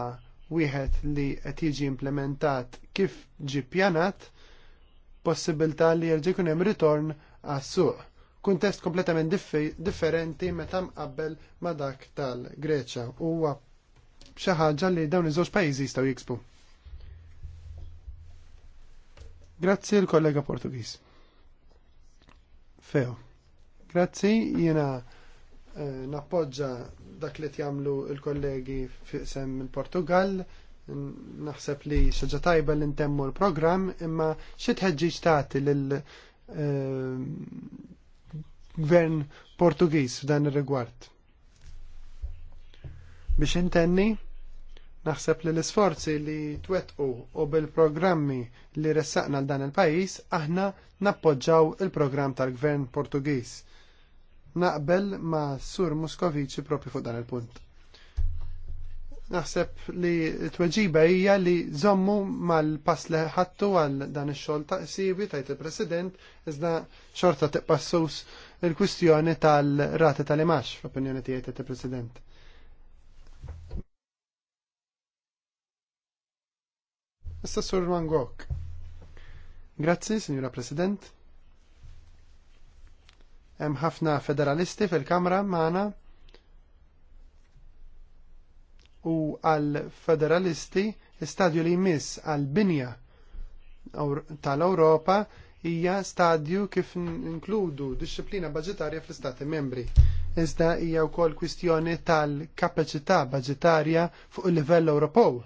Speaker 2: wieħed li qed jiġi implementat kif ġi pjanat possibilità li jerġa' jkun hemm ritorn għas-suq. Kuntest kompletament differenti meta mqabbel ma' dak tal-Greċja huwa xi ħaġa li dawn iż-żewġ pajjiżi jistgħu jiksbu. Grazzi l-kollega Portugiż. Feo. Grazzi, jiena Eh, nappoġġa dak li jagħmlu l kollegi fiqsem il-Portugal, naħseb li xaġa tajba li ntemmu l-programm, imma xi tħeġġiġ tagħti lil eh, gvern Portugiż f'dan ir-rigward. Biex intenni, naħseb li l-isforzi li twettqu u bil-programmi li ressaqna l-dan il-pajis, aħna nappoġġaw il-programm tal-gvern Portugiż naqbel ma' Sur Muskovici propju fuq dan il-punt. Naħseb li t tweġiba hija li żommu mal-pass li ħattu għal dan ix-xogħol ta' sibi tajt il-President iżda xorta tiqpassus il-kwistjoni tal-rati tal-imax f'opinjoni tiegħi tajt il-President. Issa Sur Mangok. Grazzi, Signora President. Hemm ħafna federalisti fil-Kamra magħna u għal federalisti l-istadju li jmiss għal binja tal-Ewropa hija stadju kif inkludu disċiplina budgetarja fl-Istati membri. Iżda hija wkoll kwistjoni tal-kapaċità budgetarja fuq il-livell Ewropew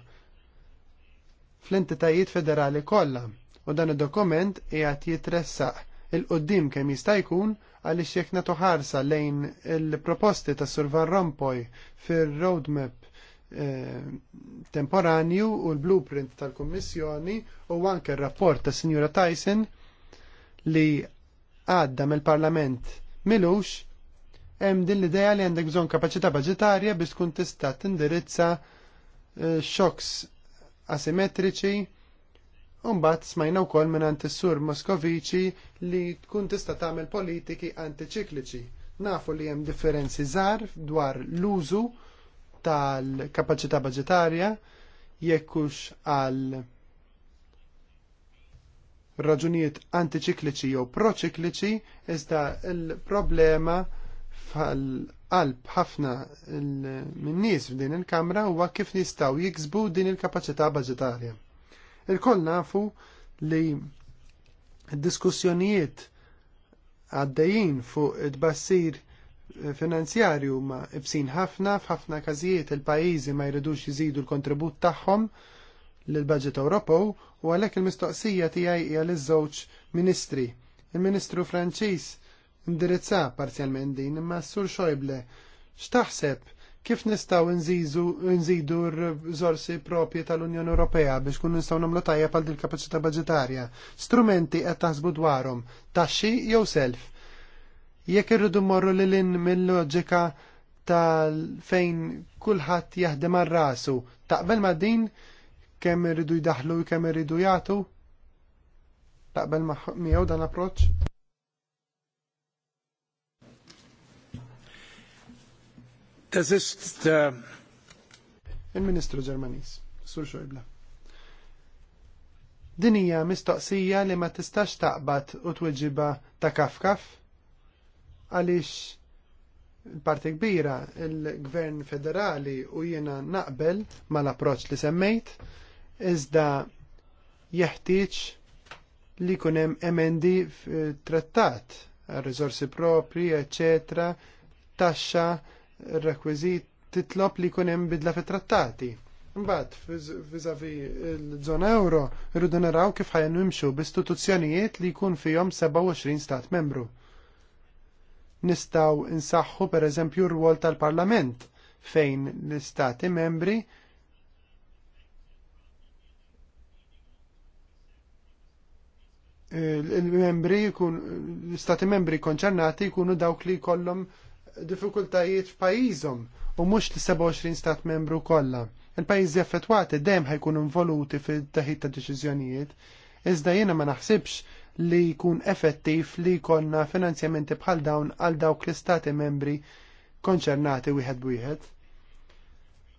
Speaker 2: fl-entitajiet federali kollha u dan id-dokument qiegħed jitressaq il-qoddim kemm jista' jkun għaliex jekk lejn il-proposti ta' Sur Van Rompuy fir-roadmap eh, temporanju u l-blueprint tal-Kummissjoni u anke r-rapport ta' Sinjura Tyson li għadda mill-Parlament milux hemm din l-idea li għandek bżonn kapaċità budgetarja biex tkun tista' tindirizza xoks eh, asimetriċi Umbat smajna u kol minn antissur Moskovici li tkun tista tagħmel politiki antiċikliċi. Nafu li hemm differenzi żgħar dwar l-użu tal-kapaċità budgetarja jekkux għal raġunijiet antiċikliċi jew proċikliċi iżda il-problema fal-qalb ħafna min-nies f'din il-kamra huwa kif nistgħu jiksbu din il-kapaċità budgetarja. Il-koll nafu li diskussjonijiet għaddejjin fuq id-bassir finanzjarju ma ibsin ħafna, f'ħafna każijiet il-pajjiżi ma jridux jżidu l-kontribut tagħhom lill budget Ewropew u għalhekk il-mistoqsija tiegħi hija liż-żewġ ministri. Il-Ministru Franċiż indirizza parzjalment din imma s-Sur Xojble x'taħseb kif nistgħu nżidu r-riżorsi propji tal-Unjoni Ewropea biex kun nistgħu nagħmlu tajja għal din kapaċità budgetarja? Strumenti qed taħsbu dwarhom, taxxi jew self. Jekk irridu mmorru lil in mill-loġika tal fejn kulħadd jaħdem ar rasu, taqbel ma' din kemm irridu jdaħlu u kemm irridu jagħtu? Taqbel ma' miegħu dan approċċ? Äh, Il-Ministru Ġermanis, Sur Xojbla. Din hija mistoqsija li ma tistax taqbad u twġiba ta' kafkaf għaliex parti kbira il-Gvern Federali u jiena naqbel mal-approċċ li semmejt iżda jeħtieġ li kunem emendi trattat, risorsi propri, eccetera, taxxa il rekwiżit titlob li jkun hemm bidla fit-trattati. Mbagħad viżavi l-żona euro irridu naraw kif ħajn nimxu b'istituzzjonijiet li jkun fihom 27 stat membru. Nistgħu insaħħu pereżempju r-rwol tal-Parlament fejn l-istati membri membri l-istati membri konċernati jkunu dawk li kollhom diffikultajiet f'pajjiżhom u mhux li 27 stat membru kollha. Il-pajjiżi affettwati dejjem ħajkunu involuti fit-taħid ta' deċiżjonijiet, iżda jiena ma naħsibx li jkun effettiv li jkollna finanzjamenti bħal dawn għal dawk l-istati membri konċernati wieħed wieħed.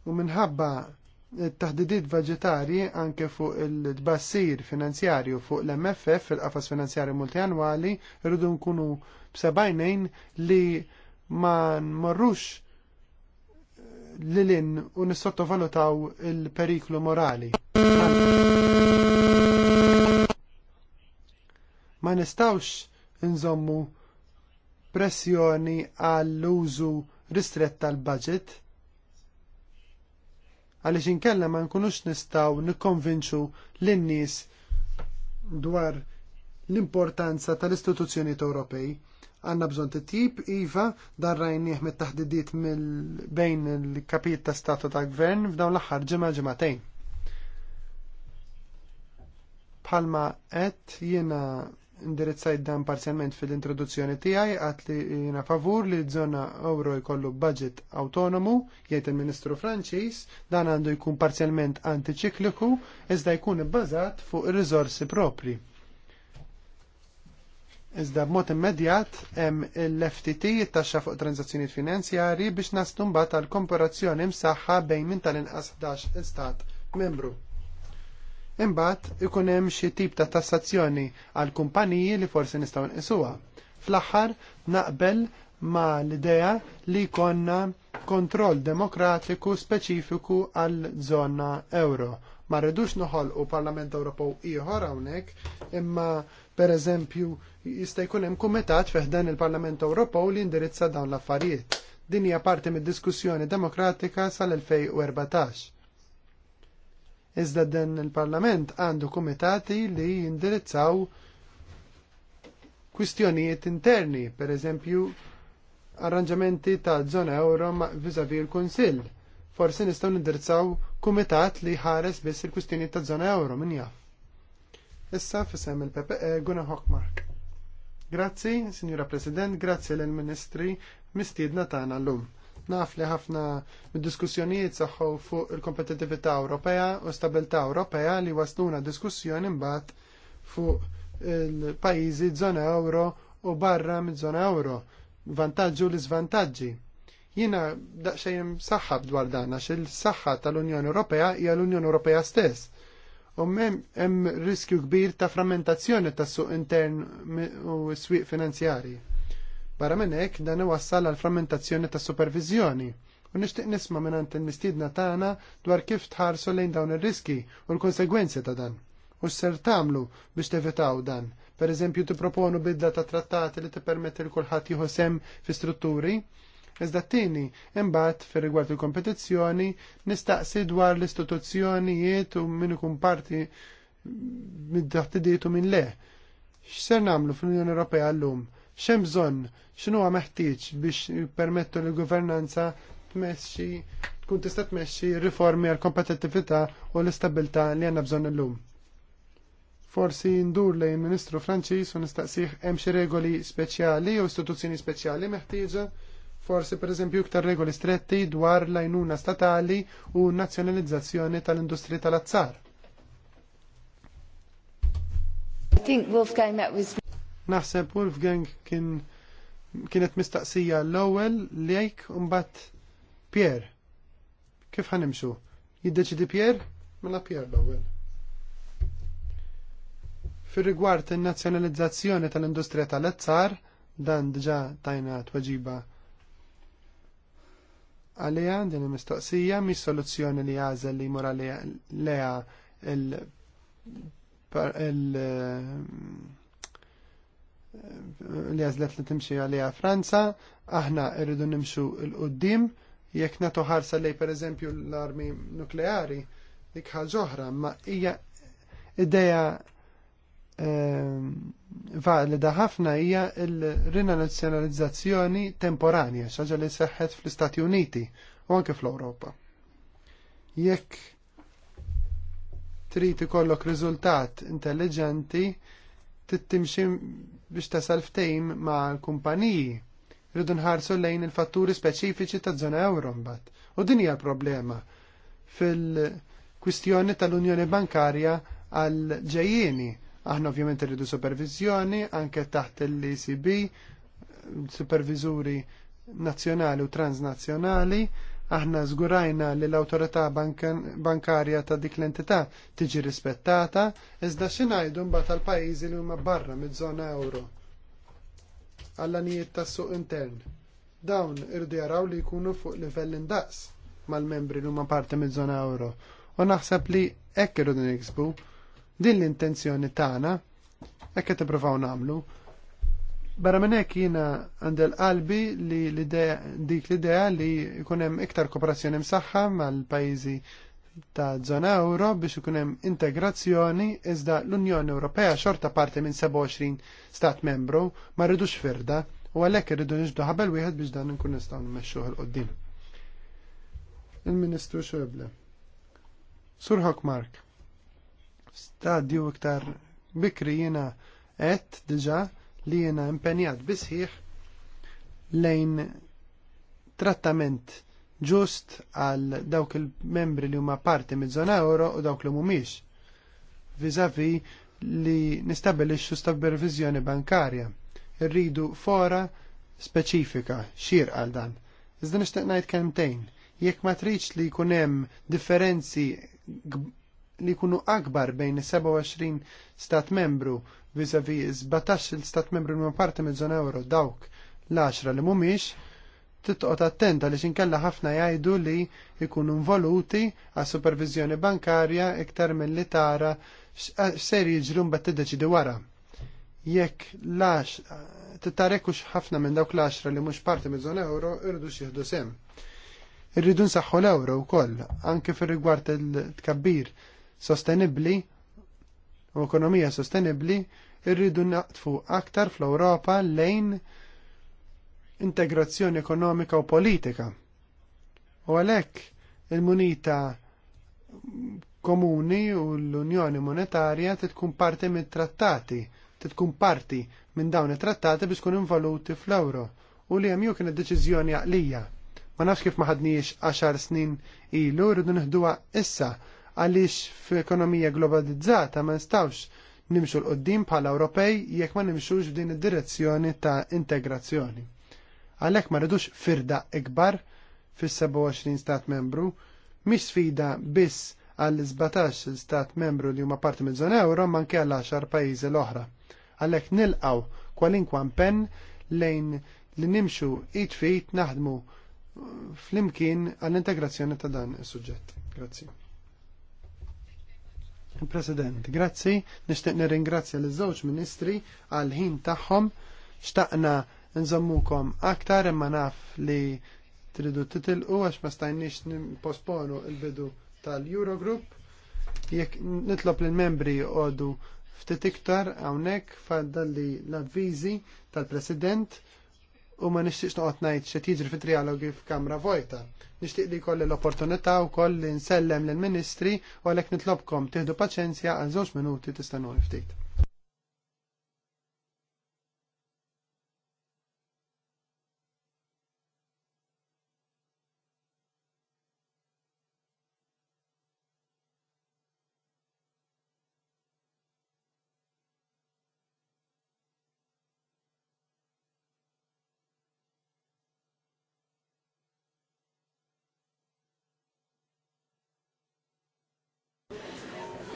Speaker 2: U minħabba taħdidiet vegetari anke fuq il-tbassir finanzjarju fuq l-MFF, il-qafas finanzjarju multianwali, rridu nkunu b'sebajnejn li ma nmorrux eh, lilin u nissottovalutaw il-periklu morali. Ma nistawx nżommu pressjoni għall-użu ristret tal-budget għaliex inkella ma nkunux nistaw nikkonvinċu lin-nies dwar l-importanza tal-istituzzjonijiet Ewropej għanna bżon tip iva dan rajnieh mit-taħdidiet bejn il-kapijiet ta' statu ta' gvern f'dawn l-aħħar ġimgħa ġimagħtejn. Palma et jiena indirizzajt dan parzjalment fil-introduzzjoni tiegħi għat li jiena favur li żona euro jkollu budget autonomu jgħid il-Ministru Franċiż dan għandu jkun parzjalment antiċikliku iżda jkun ibbażat fuq ir-riżorsi propri. Iżda b'mod immedjat hemm l-FTT it-taxxa fuq transazzjonijiet finanzjarji biex naslu mbagħad għal komparazzjoni msaħħa bejn min tal-inqas 11 istat membru. Imbagħad ikun hemm xi tip ta' tassazzjoni għal kumpaniji li forsi nistgħu nqisuha. Fl-aħħar naqbel ma' l-idea li jkollna kontroll demokratiku speċifiku għal żona euro. Ma rridux noħolqu Parlament Ewropew ieħor hawnhekk, imma pereżempju jista' jkun hemm kumitat fih il-Parlament Ewropew li indirizza dawn l-affarijiet. Din hija parti mid-diskussjoni demokratika sal-2014. Iżda dan il-Parlament għandu kumitati li jindirizzaw kwistjonijiet interni, per eżempju arranġamenti ta' zona euro vis-a-vis il-Kunsill. Forsi nistgħu nindirizzaw kumitat li ħares biss il-kwistjonijiet ta' zona euro min jaf. Issa fisem il-PPE Guna Hockmark. Grazzi, Signora President, grazzi l-Ministri mistiedna tagħna llum. Naf li ħafna mid-diskussjonijiet saħħu fuq il-kompetitività Ewropea u stabilità Ewropea li wasluna diskussjoni mbagħad fuq il-pajjiżi żona euro u barra mid-żona euro, vantaġġi u l-iżvantaġġi. Jiena daqsxejn saħħab dwar dan għax il-saħħa tal-Unjoni Ewropea hija l-Unjoni Ewropea stess u hemm riskju kbir ta' frammentazzjoni tas suq intern u s-swieq finanzjarji. Barra minn hekk dan iwassal għal frammentazzjoni tas supervizjoni u nixtieq nisma' mingħand il-mistiedna tagħna dwar kif tħarsu lejn dawn ir-riski u l-konsegwenzi ta' dan. U s-ser tagħmlu biex tevitaw dan. Per eżempju, tipproponu bidla ta' trattati li tippermetti l kulħadd jieħu sem fi strutturi Iżda t-tieni, imbagħad fir-rigward il-kompetizzjoni nistaqsi dwar l-istituzzjonijiet u min ikun parti mid-daħtidiet u min le. X'ser nagħmlu fl-Unjoni Ewropea llum? X'hemm bżonn? X'inhu meħtieġ biex jippermettu l governanza tmexxi tkun tista' tmexxi riformi għal kompetittività u l-istabilità li għandna bżonn illum forsi ndur lejn Ministru Franċiż u nistaqsih hemm xi regoli speċjali jew istituzzjoni speċjali meħtieġa Forsi pereżempju iktar regoli stretti dwar l-għajnuna statali u nazzjonalizzazzjoni tal-industri tal-azzar. Naħseb Wolfgang kien kienet mistaqsija l-ewwel lejk mbagħad Pierre. Kif ħanimxu? Jiddeċidi Pierre? Mela Pierre l-ewwel fir rigward in-nazzjonalizzazzjoni tal-industrija tal-azzar, dan diġà tajna tweġiba għalija din il-mistoqsija mis soluzzjoni li għażel li mura leja il li għazlet li timxi għalija Franza, aħna irridu nimxu l-qoddim, jekk natu ħarsa lej per eżempju l-armi nukleari, dik ħagħoħra, ma hija ideja Ehm, li ħafna hija l-rinazzjonalizzazzjoni temporanja, xaġa li seħħet fl-Istati Uniti u anke fl-Ewropa. Jekk trid ikollok riżultat intelligenti, tittimxi biex tasal ftejm ma' kumpaniji rridu nħarsu lejn il-fatturi speċifiċi ta' żona euro mbagħad. U din hija l-problema fil-kwistjoni tal-Unjoni Bankarja għal ġejjieni Aħna ovvjament irridu supervizjoni anke taħt l-ECB, supervizuri nazzjonali u transnazzjonali. Aħna żgurajna li l-awtorità bankarja ta' dik l-entità tiġi rispettata, iżda xinajdu mbagħad tal-pajjiżi li huma barra miż-żona euro għallanijiet tas suq intern. Dawn irdi jaraw li jkunu fuq livell indaqs mal-membri li huma parti miż-żona euro. U naħseb li hekk irridu niksbu Din l-intenzjoni tagħna hekk qed nippruvaw nagħmlu. Barra minn hekk jiena għandel qalbi li l-idea dik l-idea li jkun hemm iktar kooperazzjoni msaħħa mal-pajjiżi ta' zona euro biex ikun hemm integrazzjoni iżda l-Unjoni Ewropea xorta parti minn 27 stat membru ma rridux firda u għalhekk irridu niġdu ħabel wieħed biex dan inkun nistgħu nmexxuh il qoddim Il-Ministru Xöble. Sur Mark. Stadju iktar bikri jena qed diġa li jiena impenjat bisħiħ lejn trattament ġust għal dawk il-membri li huma parti mid-żona euro u dawk li mhumiex. Vizavi li nistabilixxu supervizjoni bankarja. Irridu fora speċifika xir għal dan. Iżda nixtieq ngħid kelmtejn. Jekk ma tridx li jkun hemm differenzi li jkunu akbar bejn 27 stat membru vizavi 17 il-stat membru minn parti mill-żona euro dawk l-10 li mhumiex, titqot attenta li xinkella ħafna jgħidu li jkunu involuti għas supervizjoni bankarja iktar mill-li tara x'ser jiġru mbagħad tiddeċidi wara jekk lax titarekux ħafna minn dawk l-10 li mhux parti minn żona euro irridu xieħdu sem. Irridu nsaħħu l-euro wkoll anke fir rigward il-tkabbir sostenibli u ekonomija sostenibli irridu naqtfu aktar fl-Ewropa lejn integrazzjoni ekonomika u politika. U għalhekk il-munita komuni u l-Unjoni Monetarja titkun parti mit trattati titkun parti minn dawn it-trattati biex tkun involuti fl-euro u li hemm kienet deċiżjoni għaqlija. Ma nafx kif ma ħadniex 10 snin ilu rridu neħduha issa għaliex f'ekonomija globalizzata ma nistawx nimxu l-qoddim bħala Ewropej jekk ma nimxux f'din id-direzzjoni ta' integrazzjoni. Għalhekk ma rridux firda ikbar fis-27 stat membru, mis sfida biss għall 17 stat membru li huma parti minn zona euro manke l 10 pajjiżi l-oħra. Għalhekk nilqaw kwalinkwa pen lejn li nimxu it-fit naħdmu fl-imkien għall-integrazzjoni ta' dan is-suġġett. Grazzi. President, grazzi, nishtiq nirringrazzja l żewġ ministri għal ħin tagħhom. Xtaqna nżommukom aktar imma naf li tridu titilqu għax ma stajniex posponu il-bidu tal-Eurogroup. Jekk nitlob lil membri għodu ftit iktar hawnhekk fadalli l-avviżi tal-President u ma nixtieqx noqgħod ngħid xi tiġri fit-trialogi f'kamra vojta. Nixtieq li jkolli l-opportunità wkoll li nsellem lill-Ministri u għalhekk nitlobkom tieħdu paċenzja għal żewġ minuti tistennu ftit.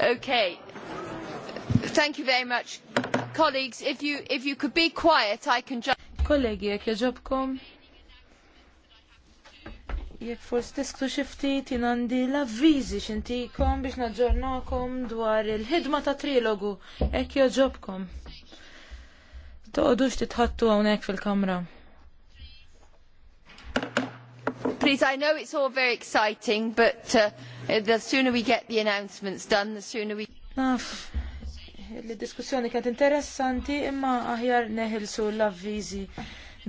Speaker 3: Okay. Thank you very much. Colleagues, if you, if you could be quiet, I can just... Kollegi, jek jaġobkom. Jek forse tisktu xifti tinandi l-avvizi xintikom biex naġġornakom dwar il-ħidma ta' trilogu. Jek jaġobkom. Toqdux titħattu għonek fil-kamra. Please, I know it's all very exciting, but uh, the sooner we get the announcements done, the sooner we... Naf, il-diskussjoni kienet interessanti imma aħjar neħilsu l-avvizi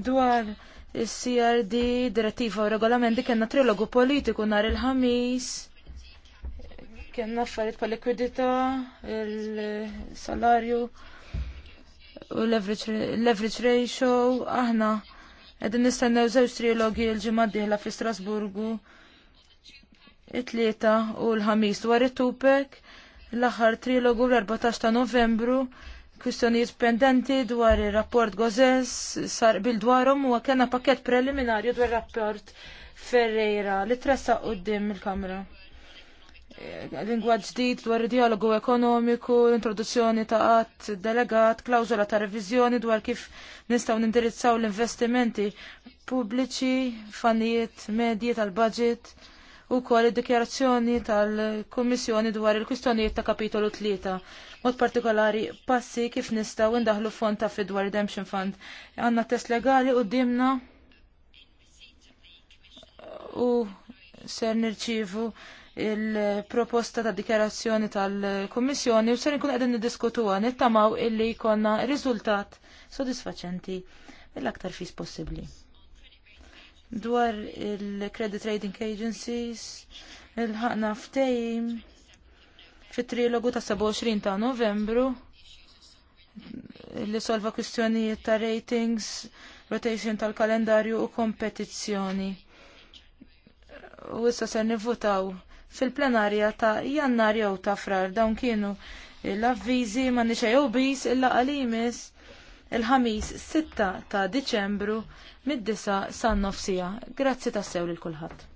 Speaker 3: dwar il-CRD, direttiva u regolamenti kena trilogu politiku nar il-ħamis, kena affarijiet pa likwidita, il-salarju u leverage, leverage ratio, aħna Għedin nistennew żewġ trilogi l-ġimgħa d-dieħla fi Strasburgu it-tlieta u l-ħamis dwar it-tupek l-aħħar trilogu l-14 ta' Novembru kwistjonijiet pendenti dwar ir-rapport Gozes sar bil dwarhom u kellna pakket preliminarju dwar rapport Ferreira li tressa d-dim il-Kamra lingwaġġ ġdid dwar dialogu ekonomiku, l-introduzzjoni ta' qatt delegat, klawżola ta' reviżjoni dwar kif nistgħu nindirizzaw l-investimenti pubbliċi, fannijiet medji tal-budget u kol id-dikjarazzjoni tal-Kummissjoni dwar il-kwistjonijiet ta' kapitolu 3. Mod partikolari passi kif nistgħu indaħlu fond ta' fidwar Redemption Fund. Għandna test legali dimna u ser nirċivu il-proposta ta' dikjarazzjoni tal-Kummissjoni u ser nkun qegħdin niddiskutuha nittamaw illi jkollna riżultat sodisfaċenti mill-aktar fis possibbli. Dwar il-Credit Rating Agencies, il-ħakna ftejim fit-trilogu ta' 27 ta' Novembru li solva kwistjonijiet ta' ratings, rotation tal-kalendarju u kompetizzjoni. U issa ser nivvutaw fil-plenarja ta' jannar jew ta' frar dawn kienu l-avviżi ma' nixej obis il-laqa li jmiss il-ħamis 6 ta' Diċembru mid-disa sa' nofsija. Grazzi tassew lil kulħadd.